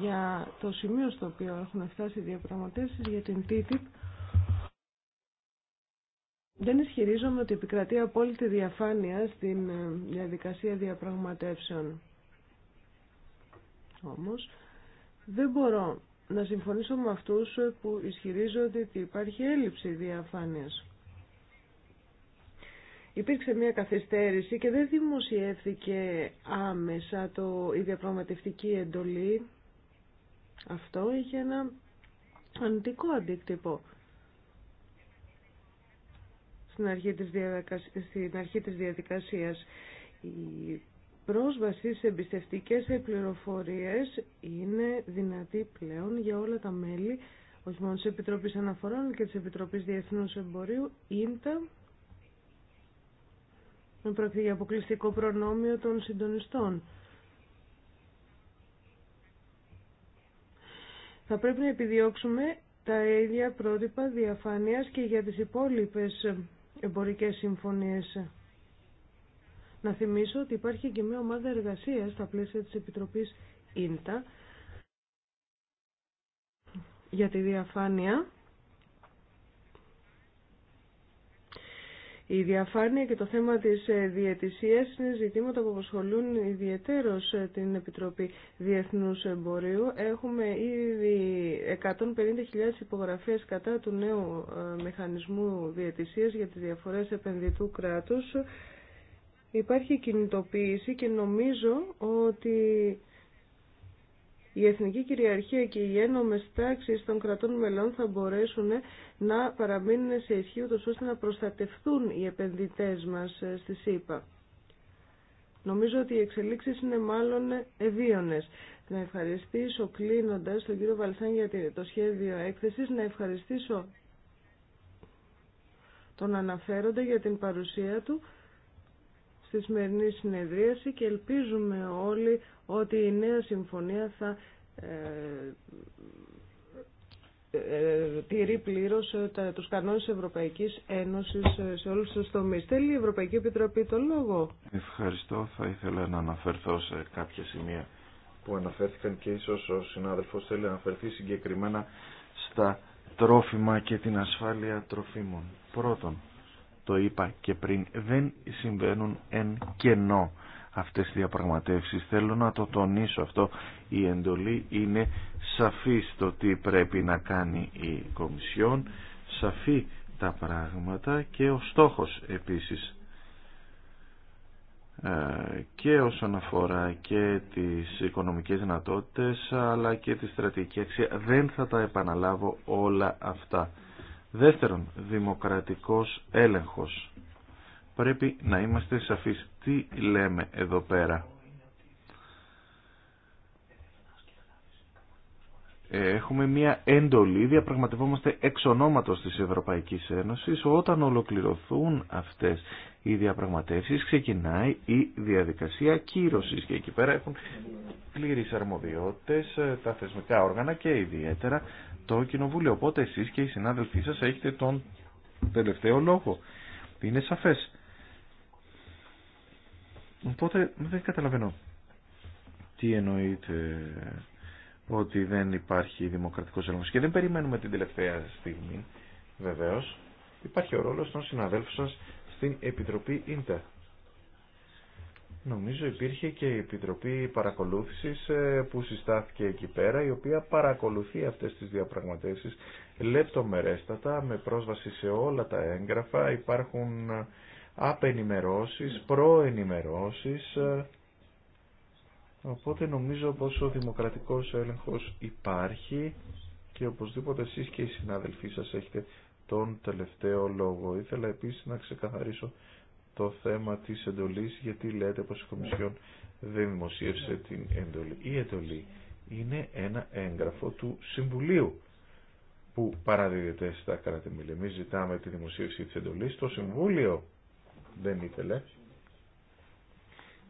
για το σημείο στο οποίο έχουν φτάσει οι διαπραγματεύσεις για την TTIP. Δεν ισχυρίζομαι ότι επικρατεί απόλυτη διαφάνεια στην ε, διαδικασία διαπραγματεύσεων. Όμως, δεν μπορώ να συμφωνήσω με αυτούς που ισχυρίζονται ότι υπάρχει έλλειψη διαφάνειας. Υπήρξε μια καθυστέρηση και δεν δημοσιεύθηκε άμεσα το, η διαπραγματευτική εντολή. Αυτό είχε ένα αντικό αντίκτυπο στην αρχή της, διαδικασίας, πρόσβαση σε εμπιστευτικές πληροφορίες είναι δυνατή πλέον για όλα τα μέλη, όχι μόνο της Επιτροπής Αναφορών, και της Επιτροπής Διεθνούς Εμπορίου, ίντα, με πρόκειται αποκλειστικό προνόμιο των συντονιστών. Θα πρέπει να επιδιώξουμε τα ίδια πρότυπα διαφάνειας και για τις υπόλοιπες εμπορικές συμφωνίες. Να θυμίσω ότι υπάρχει και μια ομάδα εργασίας στα πλαίσια της Επιτροπής ΙΝΤΑ για τη διαφάνεια. Η διαφάνεια και το θέμα της ε, διαιτησίας είναι ζητήματα που απασχολούν ιδιαιτέρως ε, την Επιτροπή Διεθνούς Εμπορίου. Έχουμε ήδη 150.000 υπογραφές κατά του νέου ε, μηχανισμού διαιτησίας για τις διαφορές επενδυτού κράτους υπάρχει κινητοποίηση και νομίζω ότι η εθνική κυριαρχία και οι ένομες τάξεις των κρατών μελών θα μπορέσουν να παραμείνουν σε ισχύ ούτως ώστε να προστατευτούν οι επενδυτές μας ε, στη ΣΥΠΑ. Νομίζω ότι οι εξελίξεις είναι μάλλον ευίωνες. Να ευχαριστήσω κλείνοντας τον κύριο Βαλσάν για το σχέδιο έκθεσης, να ευχαριστήσω τον αναφέροντα για την παρουσία του στη σημερινή συνεδρίαση και ελπίζουμε όλοι ότι η νέα συμφωνία θα ε, ε, τηρεί πλήρω ε, τους κανόνες Ευρωπαϊκής Ένωση σε όλους τους τομείς. Θέλει η Ευρωπαϊκή Επιτροπή το λόγο. Ευχαριστώ. Θα ήθελα να αναφερθώ σε κάποια σημεία που αναφέρθηκαν και ίσως ο συνάδελφος θέλει να αναφερθεί συγκεκριμένα στα τρόφιμα και την ασφάλεια τροφίμων. Πρώτον, το είπα και πριν, δεν συμβαίνουν εν κενό αυτές οι διαπραγματεύσεις. Θέλω να το τονίσω αυτό. Η εντολή είναι σαφή στο τι πρέπει να κάνει η Κομισιόν, σαφή τα πράγματα και ο στόχος επίσης ε, και όσον αφορά και τις οικονομικές δυνατότητες αλλά και τη στρατηγική αξία. Δεν θα τα επαναλάβω όλα αυτά. Δεύτερον, δημοκρατικός έλεγχος. Πρέπει να είμαστε σαφείς τι λέμε εδώ πέρα. Έχουμε μία έντολη, διαπραγματευόμαστε εξ ονόματος της Ευρωπαϊκής Ένωσης. Όταν ολοκληρωθούν αυτές οι διαπραγματεύσεις ξεκινάει η διαδικασία κύρωσης και εκεί πέρα έχουν πλήρεις αρμοδιότητες ε, τα θεσμικά όργανα και ιδιαίτερα το Κοινοβούλιο. Οπότε εσείς και οι συνάδελφοί σας έχετε τον τελευταίο λόγο. Είναι σαφές. Οπότε δεν καταλαβαίνω τι εννοείται ότι δεν υπάρχει δημοκρατικός έλεγχος και δεν περιμένουμε την τελευταία στιγμή βεβαίως. Υπάρχει ο ρόλος των συναδέλφων σας στην Επιτροπή Ίντερ. Νομίζω υπήρχε και η Επιτροπή Παρακολούθησης ε, που συστάθηκε εκεί πέρα, η οποία παρακολουθεί αυτές τις διαπραγματεύσεις λεπτομερέστατα, με πρόσβαση σε όλα τα έγγραφα. Υπάρχουν ε, απενημερώσεις, προενημερώσεις, ε, οπότε νομίζω πως ο δημοκρατικός έλεγχος υπάρχει και οπωσδήποτε εσείς και οι συνάδελφοί σας έχετε τον τελευταίο λόγο. Ήθελα επίσης να ξεκαθαρίσω το θέμα της εντολής γιατί λέτε πως η Κομισιόν δεν δημοσίευσε την εντολή. Η εντολή είναι ένα έγγραφο του Συμβουλίου που παραδίδεται στα κρατη Εμείς ζητάμε τη δημοσίευση της εντολής. Το Συμβούλιο δεν ήθελε.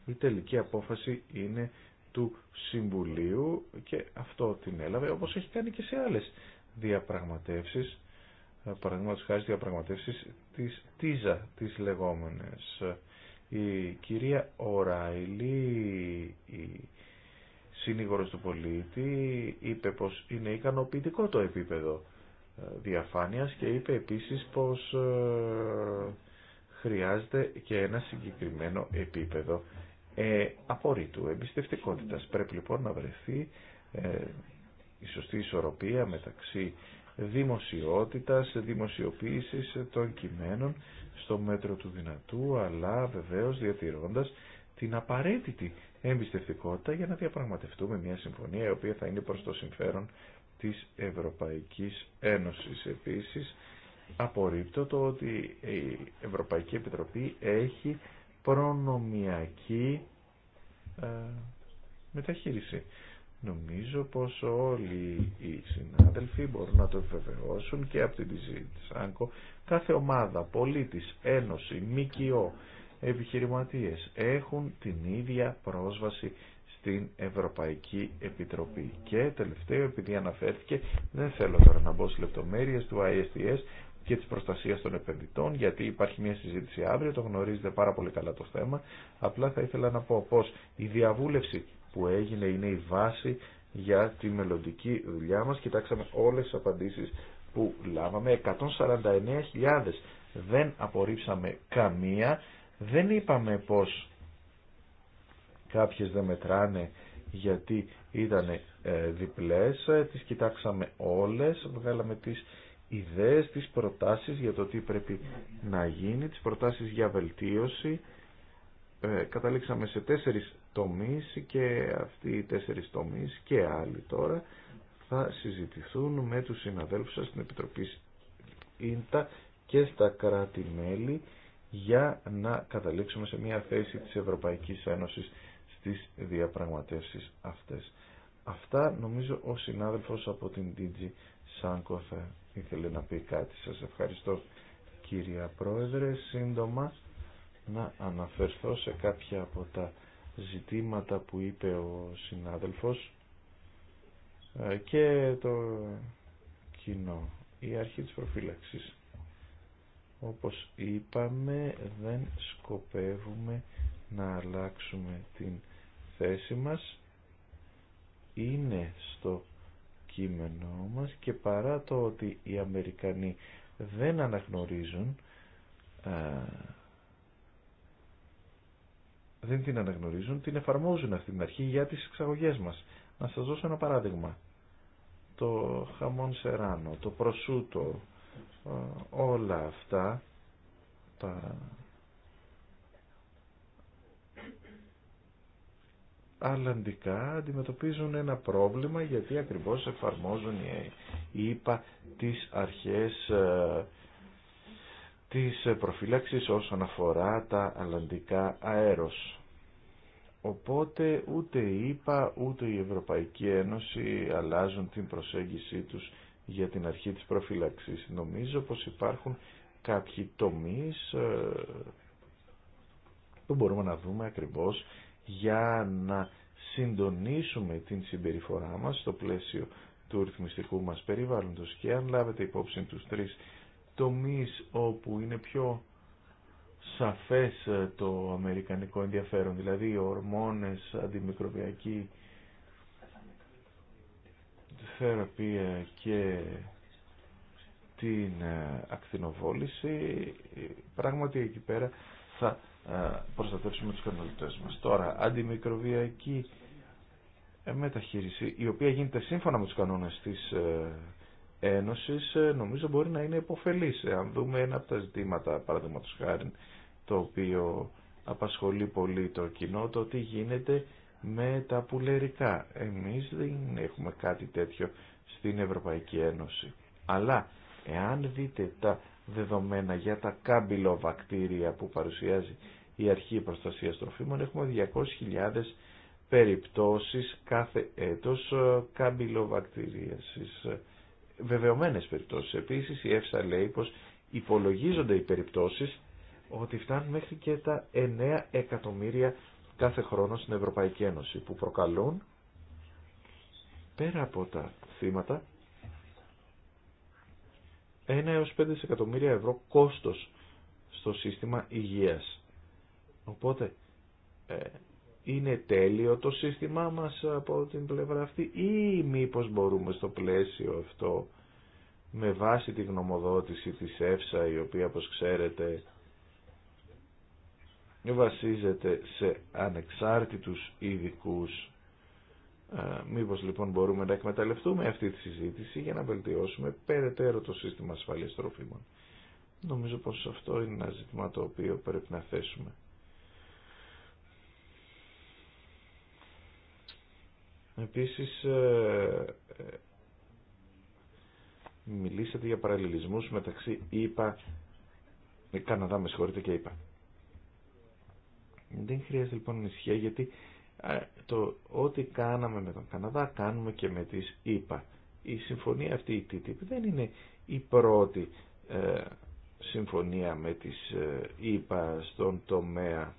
Η τελική απόφαση είναι του Συμβουλίου και αυτό την έλαβε όπως έχει κάνει και σε άλλες διαπραγματεύσεις ε, παραδείγματο χάρη στι διαπραγματεύσει τη ΤΙΖΑ, τι λεγόμενε. Η κυρία Οράιλι, η συνήγορος του πολίτη, είπε πως είναι ικανοποιητικό το επίπεδο ε, διαφάνειας και είπε επίσης πως ε, χρειάζεται και ένα συγκεκριμένο επίπεδο ε, απορρίτου εμπιστευτικότητας. Πρέπει λοιπόν να βρεθεί ε, η σωστή ισορροπία μεταξύ δημοσιότητας, δημοσιοποίησης των κειμένων στο μέτρο του δυνατού, αλλά βεβαίως διατηρώντας την απαραίτητη εμπιστευτικότητα για να διαπραγματευτούμε μια συμφωνία η οποία θα είναι προς το συμφέρον της Ευρωπαϊκής Ένωσης. Επίσης, απορρίπτω το ότι η Ευρωπαϊκή Επιτροπή έχει προνομιακή ε, μεταχείριση. Νομίζω πως όλοι οι συνάδελφοι μπορούν να το επιβεβαιώσουν και από την τυζή της ΑΝΚΟ. Κάθε ομάδα, πολίτης, ένωση, ΜΚΟ, επιχειρηματίες έχουν την ίδια πρόσβαση στην Ευρωπαϊκή Επιτροπή. Και τελευταίο, επειδή αναφέρθηκε, δεν θέλω τώρα να μπω στις λεπτομέρειες του ISDS και της προστασίας των επενδυτών, γιατί υπάρχει μια συζήτηση αύριο, το γνωρίζετε πάρα πολύ καλά το θέμα. Απλά θα ήθελα να πω πως η διαβούλευση που έγινε είναι η βάση για τη μελλοντική δουλειά μας. Κοιτάξαμε όλες τις απαντήσεις που λάβαμε, 149.000 δεν απορρίψαμε καμία, δεν είπαμε πως κάποιες δεν μετράνε γιατί ήταν ε, διπλές, ε, τις κοιτάξαμε όλες, βγάλαμε τις ιδέες, τις προτάσεις για το τι πρέπει να γίνει, τις προτάσεις για βελτίωση. Ε, καταλήξαμε σε τέσσερις τομείς και αυτοί οι τέσσερις τομείς και άλλοι τώρα θα συζητηθούν με τους συναδέλφους σας στην Επιτροπή ΙΝΤΑ και στα κράτη-μέλη για να καταλήξουμε σε μια θέση της Ευρωπαϊκής Ένωσης στις διαπραγματεύσεις αυτές. Αυτά νομίζω ο συνάδελφος από την DG Σάνκο θα ήθελε να πει κάτι. Σας ευχαριστώ κυρία Πρόεδρε. Σύντομα να αναφερθώ σε κάποια από τα ζητήματα που είπε ο συνάδελφος ε, και το κοινό. Η αρχή της προφύλαξης. Όπως είπαμε δεν σκοπεύουμε να αλλάξουμε την θέση μας. Είναι στο κείμενό μας και παρά το ότι οι Αμερικανοί δεν αναγνωρίζουν ε, δεν την αναγνωρίζουν, την εφαρμόζουν αυτή την αρχή για τις εξαγωγές μας. Να σας δώσω ένα παράδειγμα. Το χαμόν σεράνο, το προσούτο, ε, όλα αυτά τα... Αλλαντικά αντιμετωπίζουν ένα πρόβλημα γιατί ακριβώς εφαρμόζουν ε, οι ΙΠΑ τις αρχές ε, της προφύλαξης όσον αφορά τα αλλαντικά αέρος. Οπότε ούτε η ΕΠΑ ούτε η Ευρωπαϊκή Ένωση αλλάζουν την προσέγγιση τους για την αρχή της προφύλαξης. Νομίζω πως υπάρχουν κάποιοι τομείς ε, που μπορούμε να δούμε ακριβώς για να συντονίσουμε την συμπεριφορά μας στο πλαίσιο του ρυθμιστικού μας περιβάλλοντος και αν λάβετε υπόψη τους τρεις τομείς όπου είναι πιο σαφές ε, το αμερικανικό ενδιαφέρον, δηλαδή ορμόνες, αντιμικροβιακή θεραπεία και την ε, ακτινοβόληση, πράγματι εκεί πέρα θα ε, προστατεύσουμε τους καταναλωτές μας. Τώρα, αντιμικροβιακή μεταχείριση, η οποία γίνεται σύμφωνα με τους κανόνες της Ένωσης ε, νομίζω μπορεί να είναι υποφελής. Ε, αν δούμε ένα από τα ζητήματα, παραδείγματο χάρη, το οποίο απασχολεί πολύ το κοινό, το τι γίνεται με τα πουλερικά. Εμείς δεν έχουμε κάτι τέτοιο στην Ευρωπαϊκή Ένωση. Αλλά εάν δείτε τα δεδομένα για τα κάμπυλοβακτήρια που παρουσιάζει η Αρχή Προστασίας Τροφίμων, έχουμε 200.000 περιπτώσεις κάθε έτος ε, κάμπυλοβακτήριασης βεβαιωμένες περιπτώσεις. Επίσης η ΕΦΣΑ λέει πω υπολογίζονται οι περιπτώσεις ότι φτάνουν μέχρι και τα 9 εκατομμύρια κάθε χρόνο στην Ευρωπαϊκή Ένωση που προκαλούν πέρα από τα θύματα 1 έως 5 εκατομμύρια ευρώ κόστος στο σύστημα υγείας. Οπότε ε, είναι τέλειο το σύστημά μας από την πλευρά αυτή ή μήπως μπορούμε στο πλαίσιο αυτό με βάση τη γνωμοδότηση της ΕΦΣΑ η οποία όπως ξέρετε βασίζεται σε ανεξάρτητους ειδικού. Ε, μήπως λοιπόν μπορούμε να εκμεταλλευτούμε αυτή τη συζήτηση για να βελτιώσουμε περαιτέρω το σύστημα ασφαλείας τροφίμων. Νομίζω πως αυτό είναι ένα ζήτημα το οποίο πρέπει να θέσουμε. Επίσης, ε, ε, μιλήσατε για παραλληλισμούς μεταξύ ΙΠΑ, ε, Καναδά με συγχωρείτε και ΙΠΑ. Δεν χρειάζεται λοιπόν ανησυχία γιατί το ό,τι κάναμε με τον Καναδά κάνουμε και με τις ΙΠΑ. Η συμφωνία αυτή η TTIP δεν είναι η πρώτη συμφωνία με τις ΙΠΑ στον τομέα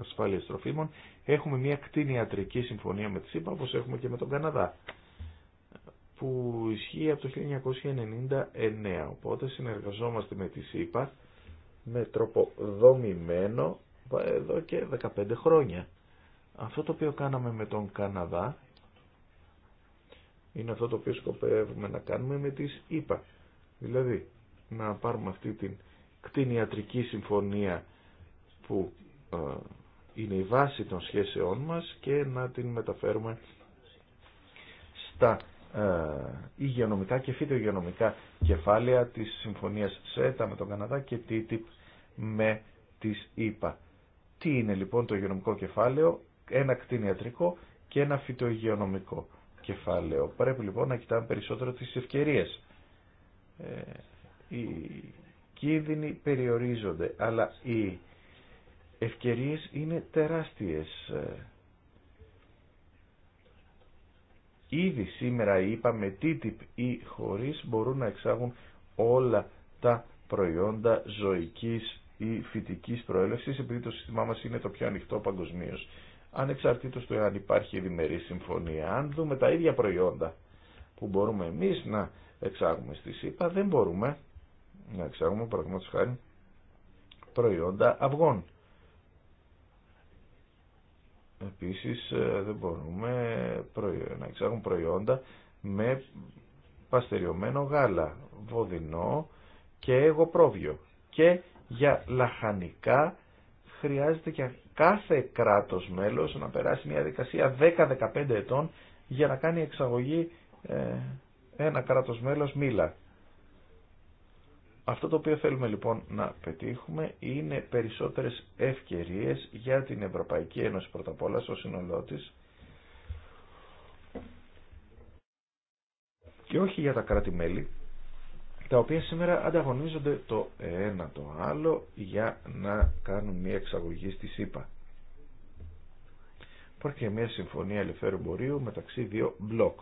ασφάλειας τροφίμων, έχουμε μια κτηνιατρική συμφωνία με τη ΣΥΠΑ, όπως έχουμε και με τον Καναδά, που ισχύει από το 1999. Οπότε συνεργαζόμαστε με τη ΣΥΠΑ με τρόπο δομημένο εδώ και 15 χρόνια. Αυτό το οποίο κάναμε με τον Καναδά είναι αυτό το οποίο σκοπεύουμε να κάνουμε με τις ΣΥΠΑ. Δηλαδή να πάρουμε αυτή την κτηνιατρική συμφωνία που ε, είναι η βάση των σχέσεών μας και να την μεταφέρουμε στα ε, υγειονομικά και φυτογειονομικά κεφάλαια της συμφωνίας ΣΕΤΑ με τον Καναδά και ΤΙΤΙΠ με τις ίπα. Τι είναι λοιπόν το υγειονομικό κεφάλαιο, ένα κτηνιατρικό και ένα φυτογειονομικό κεφάλαιο. Πρέπει λοιπόν να κοιτάμε περισσότερο τις ευκαιρίες. Ε, οι κίνδυνοι περιορίζονται, αλλά οι ευκαιρίες είναι τεράστιες. Ε, ήδη σήμερα είπα με TTIP ή χωρίς μπορούν να εξάγουν όλα τα προϊόντα ζωικής ή φυτικής προέλευσης επειδή το σύστημά μας είναι το πιο ανοιχτό παγκοσμίω. Ανεξαρτήτως του αν υπάρχει ειδημερή συμφωνία, αν δούμε τα ίδια προϊόντα που μπορούμε εμείς να εξάγουμε στη ΣΥΠΑ, δεν μπορούμε να εξάγουμε παραδείγματος χάρη προϊόντα αυγών Επίσης ε, δεν μπορούμε να εξάγουμε προϊόντα με παστεριωμένο γάλα, βοδινό και πρόβιο Και για λαχανικά χρειάζεται και κάθε κράτος μέλος να περάσει μια δικασία 10-15 ετών για να κάνει εξαγωγή ε, ένα κράτος μέλος μήλα. Αυτό το οποίο θέλουμε λοιπόν να πετύχουμε είναι περισσότερες ευκαιρίες για την Ευρωπαϊκή Ένωση πρώτα απ' όλα στο σύνολό της και όχι για τα κράτη-μέλη τα οποία σήμερα ανταγωνίζονται το ένα το άλλο για να κάνουν μια εξαγωγή στη ΣΥΠΑ. Υπάρχει και μια συμφωνία ελευθέρου μπορείου μεταξύ δύο μπλοκ.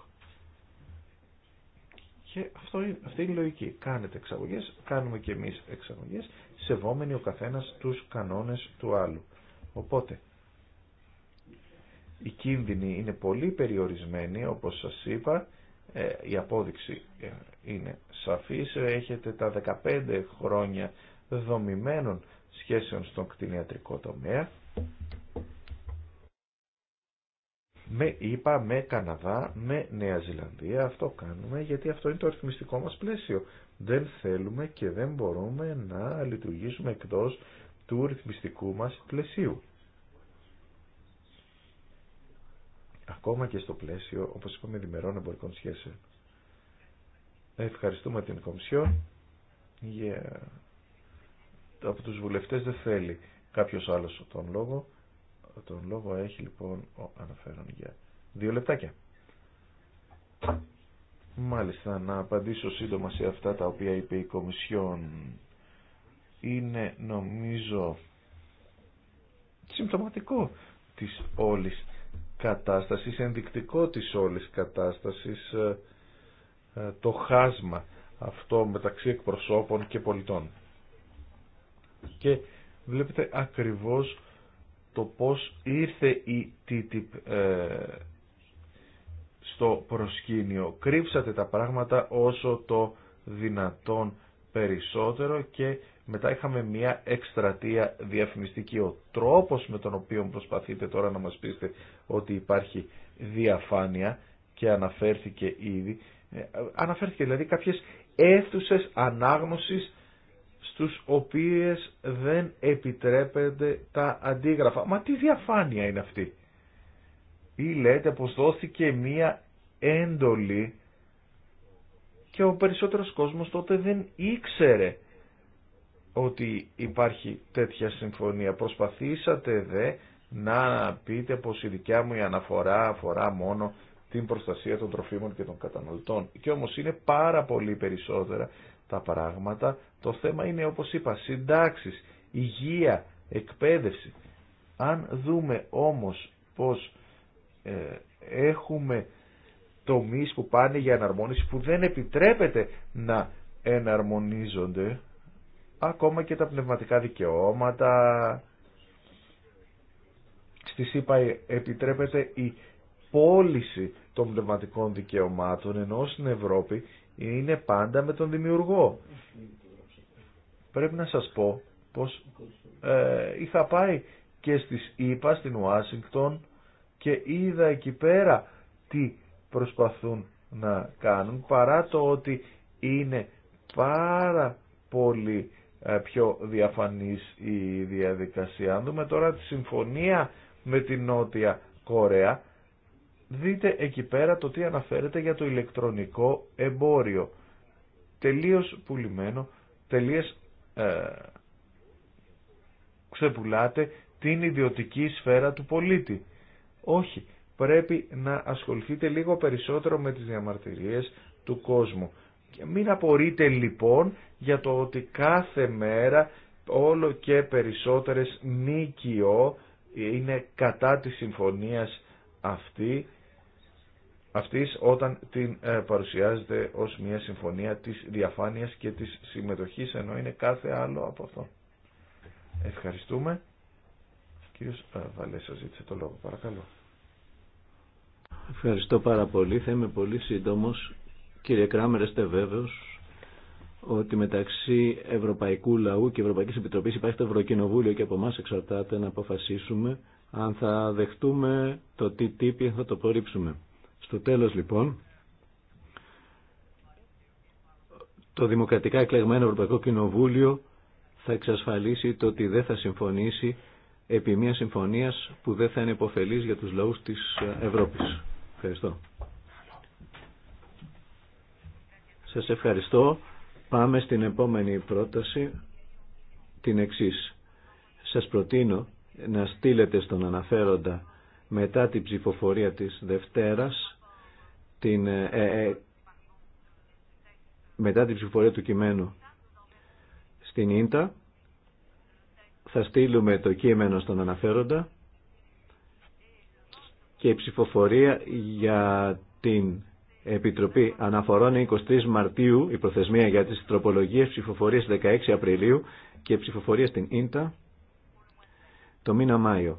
Και αυτό είναι, αυτή είναι η λογική. Κάνετε εξαγωγέ, κάνουμε και εμείς εξαγωγές, σεβόμενοι ο καθένας τους κανόνες του άλλου. Οπότε, οι κίνδυνοι είναι πολύ περιορισμένη, όπως σας είπα, ε, η απόδειξη ε, είναι σαφής, έχετε τα 15 χρόνια δομημένων σχέσεων στον κτηνιατρικό τομέα με ΙΠΑ, με Καναδά, με Νέα Ζηλανδία. Αυτό κάνουμε γιατί αυτό είναι το αριθμιστικό μας πλαίσιο. Δεν θέλουμε και δεν μπορούμε να λειτουργήσουμε εκτός του ρυθμιστικού μας πλαισίου. Ακόμα και στο πλαίσιο, όπως είπαμε, διμερών εμπορικών σχέσεων. Ευχαριστούμε την Κομισιόν. Yeah. Από τους βουλευτές δεν θέλει κάποιος άλλος τον λόγο. Τον λόγο έχει λοιπόν ο αναφέρον για δύο λεπτάκια. Μάλιστα, να απαντήσω σύντομα σε αυτά τα οποία είπε η Κομισιόν. Είναι νομίζω συμπτωματικό της όλης κατάστασης, ενδεικτικό της όλης κατάστασης ε, ε, το χάσμα αυτό μεταξύ εκπροσώπων και πολιτών. Και βλέπετε ακριβώς το πώς ήρθε η TTIP ε, στο προσκήνιο. Κρύψατε τα πράγματα όσο το δυνατόν περισσότερο και μετά είχαμε μια εκστρατεία διαφημιστική. Ο τρόπος με τον οποίο προσπαθείτε τώρα να μας πείτε ότι υπάρχει διαφάνεια και αναφέρθηκε ήδη, ε, αναφέρθηκε δηλαδή κάποιες αίθουσες ανάγνωσης στους οποίες δεν επιτρέπεται τα αντίγραφα. Μα τι διαφάνεια είναι αυτή. Ή λέτε πως δόθηκε μία έντολη και ο περισσότερος κόσμος τότε δεν ήξερε ότι υπάρχει τέτοια συμφωνία. Προσπαθήσατε δε να πείτε πως η δικιά μου η αναφορά αφορά μόνο την προστασία των τροφίμων και των καταναλωτών. Και όμως είναι πάρα πολύ περισσότερα τα πράγματα. Το θέμα είναι όπως είπα συντάξεις, υγεία, εκπαίδευση. Αν δούμε όμως πως ε, έχουμε τομείς που πάνε για εναρμόνιση που δεν επιτρέπεται να εναρμονίζονται ακόμα και τα πνευματικά δικαιώματα στη ΣΥΠΑ επιτρέπεται η πώληση των πνευματικών δικαιωμάτων ενώ στην Ευρώπη είναι πάντα με τον δημιουργό. Πρέπει να σας πω πως ε, είχα πάει και στις ΗΠΑ στην Ουάσιγκτον και είδα εκεί πέρα τι προσπαθούν να κάνουν παρά το ότι είναι πάρα πολύ ε, πιο διαφανής η διαδικασία. Αν δούμε τώρα τη συμφωνία με την Νότια Κορέα δείτε εκεί πέρα το τι αναφέρεται για το ηλεκτρονικό εμπόριο. Τελείως πουλημένο, τελείως ε, ξεπουλάτε την ιδιωτική σφαίρα του πολίτη. Όχι, πρέπει να ασχοληθείτε λίγο περισσότερο με τις διαμαρτυρίες του κόσμου. Μην απορείτε λοιπόν για το ότι κάθε μέρα όλο και περισσότερες ΜΚΟ είναι κατά της συμφωνίας αυτή αυτής όταν την ε, παρουσιάζεται ως μια συμφωνία της διαφάνειας και της συμμετοχής ενώ είναι κάθε άλλο από αυτό. Ευχαριστούμε. Κύριος ε, Βαλέσσα ζήτησε το λόγο. Παρακαλώ. Ευχαριστώ πάρα πολύ. Θα είμαι πολύ σύντομος. Κύριε Κράμερ, είστε βέβαιος ότι μεταξύ Ευρωπαϊκού Λαού και Ευρωπαϊκής Επιτροπής υπάρχει το Ευρωκοινοβούλιο και από εμά εξαρτάται να αποφασίσουμε αν θα δεχτούμε το τι τύπη θα το απορρίψουμε. Στο τέλος λοιπόν, το δημοκρατικά εκλεγμένο Ευρωπαϊκό Κοινοβούλιο θα εξασφαλίσει το ότι δεν θα συμφωνήσει επί μια συμφωνίας που δεν θα είναι υποφελής για τους λαούς της Ευρώπης. Ευχαριστώ. Σας ευχαριστώ. Πάμε στην επόμενη πρόταση, την εξής. Σας προτείνω να στείλετε στον αναφέροντα μετά την ψηφοφορία της Δευτέρας την, ε, ε, ε, μετά την ψηφοφορία του κειμένου στην Ίντα. Θα στείλουμε το κείμενο στον αναφέροντα και η ψηφοφορία για την Επιτροπή Αναφορών 23 Μαρτίου, η προθεσμία για τις τροπολογίες, ψηφοφορία 16 Απριλίου και ψηφοφορία στην Ίντα το μήνα Μάιο.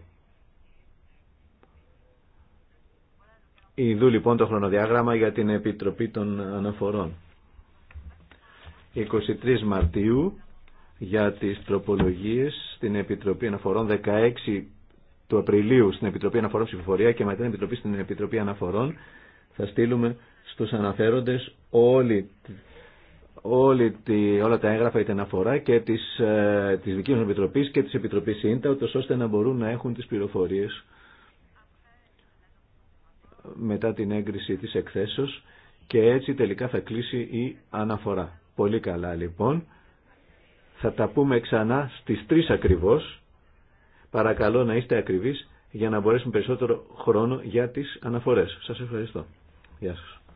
Ιδού λοιπόν το χρονοδιάγραμμα για την Επιτροπή των Αναφορών. 23 Μαρτίου για τις τροπολογίες στην Επιτροπή Αναφορών 16 του Απριλίου στην Επιτροπή Αναφορών Ψηφοφορία και μετά την Επιτροπή στην Επιτροπή Αναφορών θα στείλουμε στους αναφέροντες όλη, όλη τη, όλα τα έγγραφα η την αναφορά και της, ε, της δικής μας Επιτροπής και της Επιτροπής ΣΥΝΤΑ ώστε να μπορούν να έχουν τις πληροφορίες μετά την έγκριση της εκθέσεως και έτσι τελικά θα κλείσει η αναφορά. Πολύ καλά λοιπόν. Θα τα πούμε ξανά στις 3 ακριβώς. Παρακαλώ να είστε ακριβείς για να μπορέσουμε περισσότερο χρόνο για τις αναφορές. Σας ευχαριστώ. Γεια σας.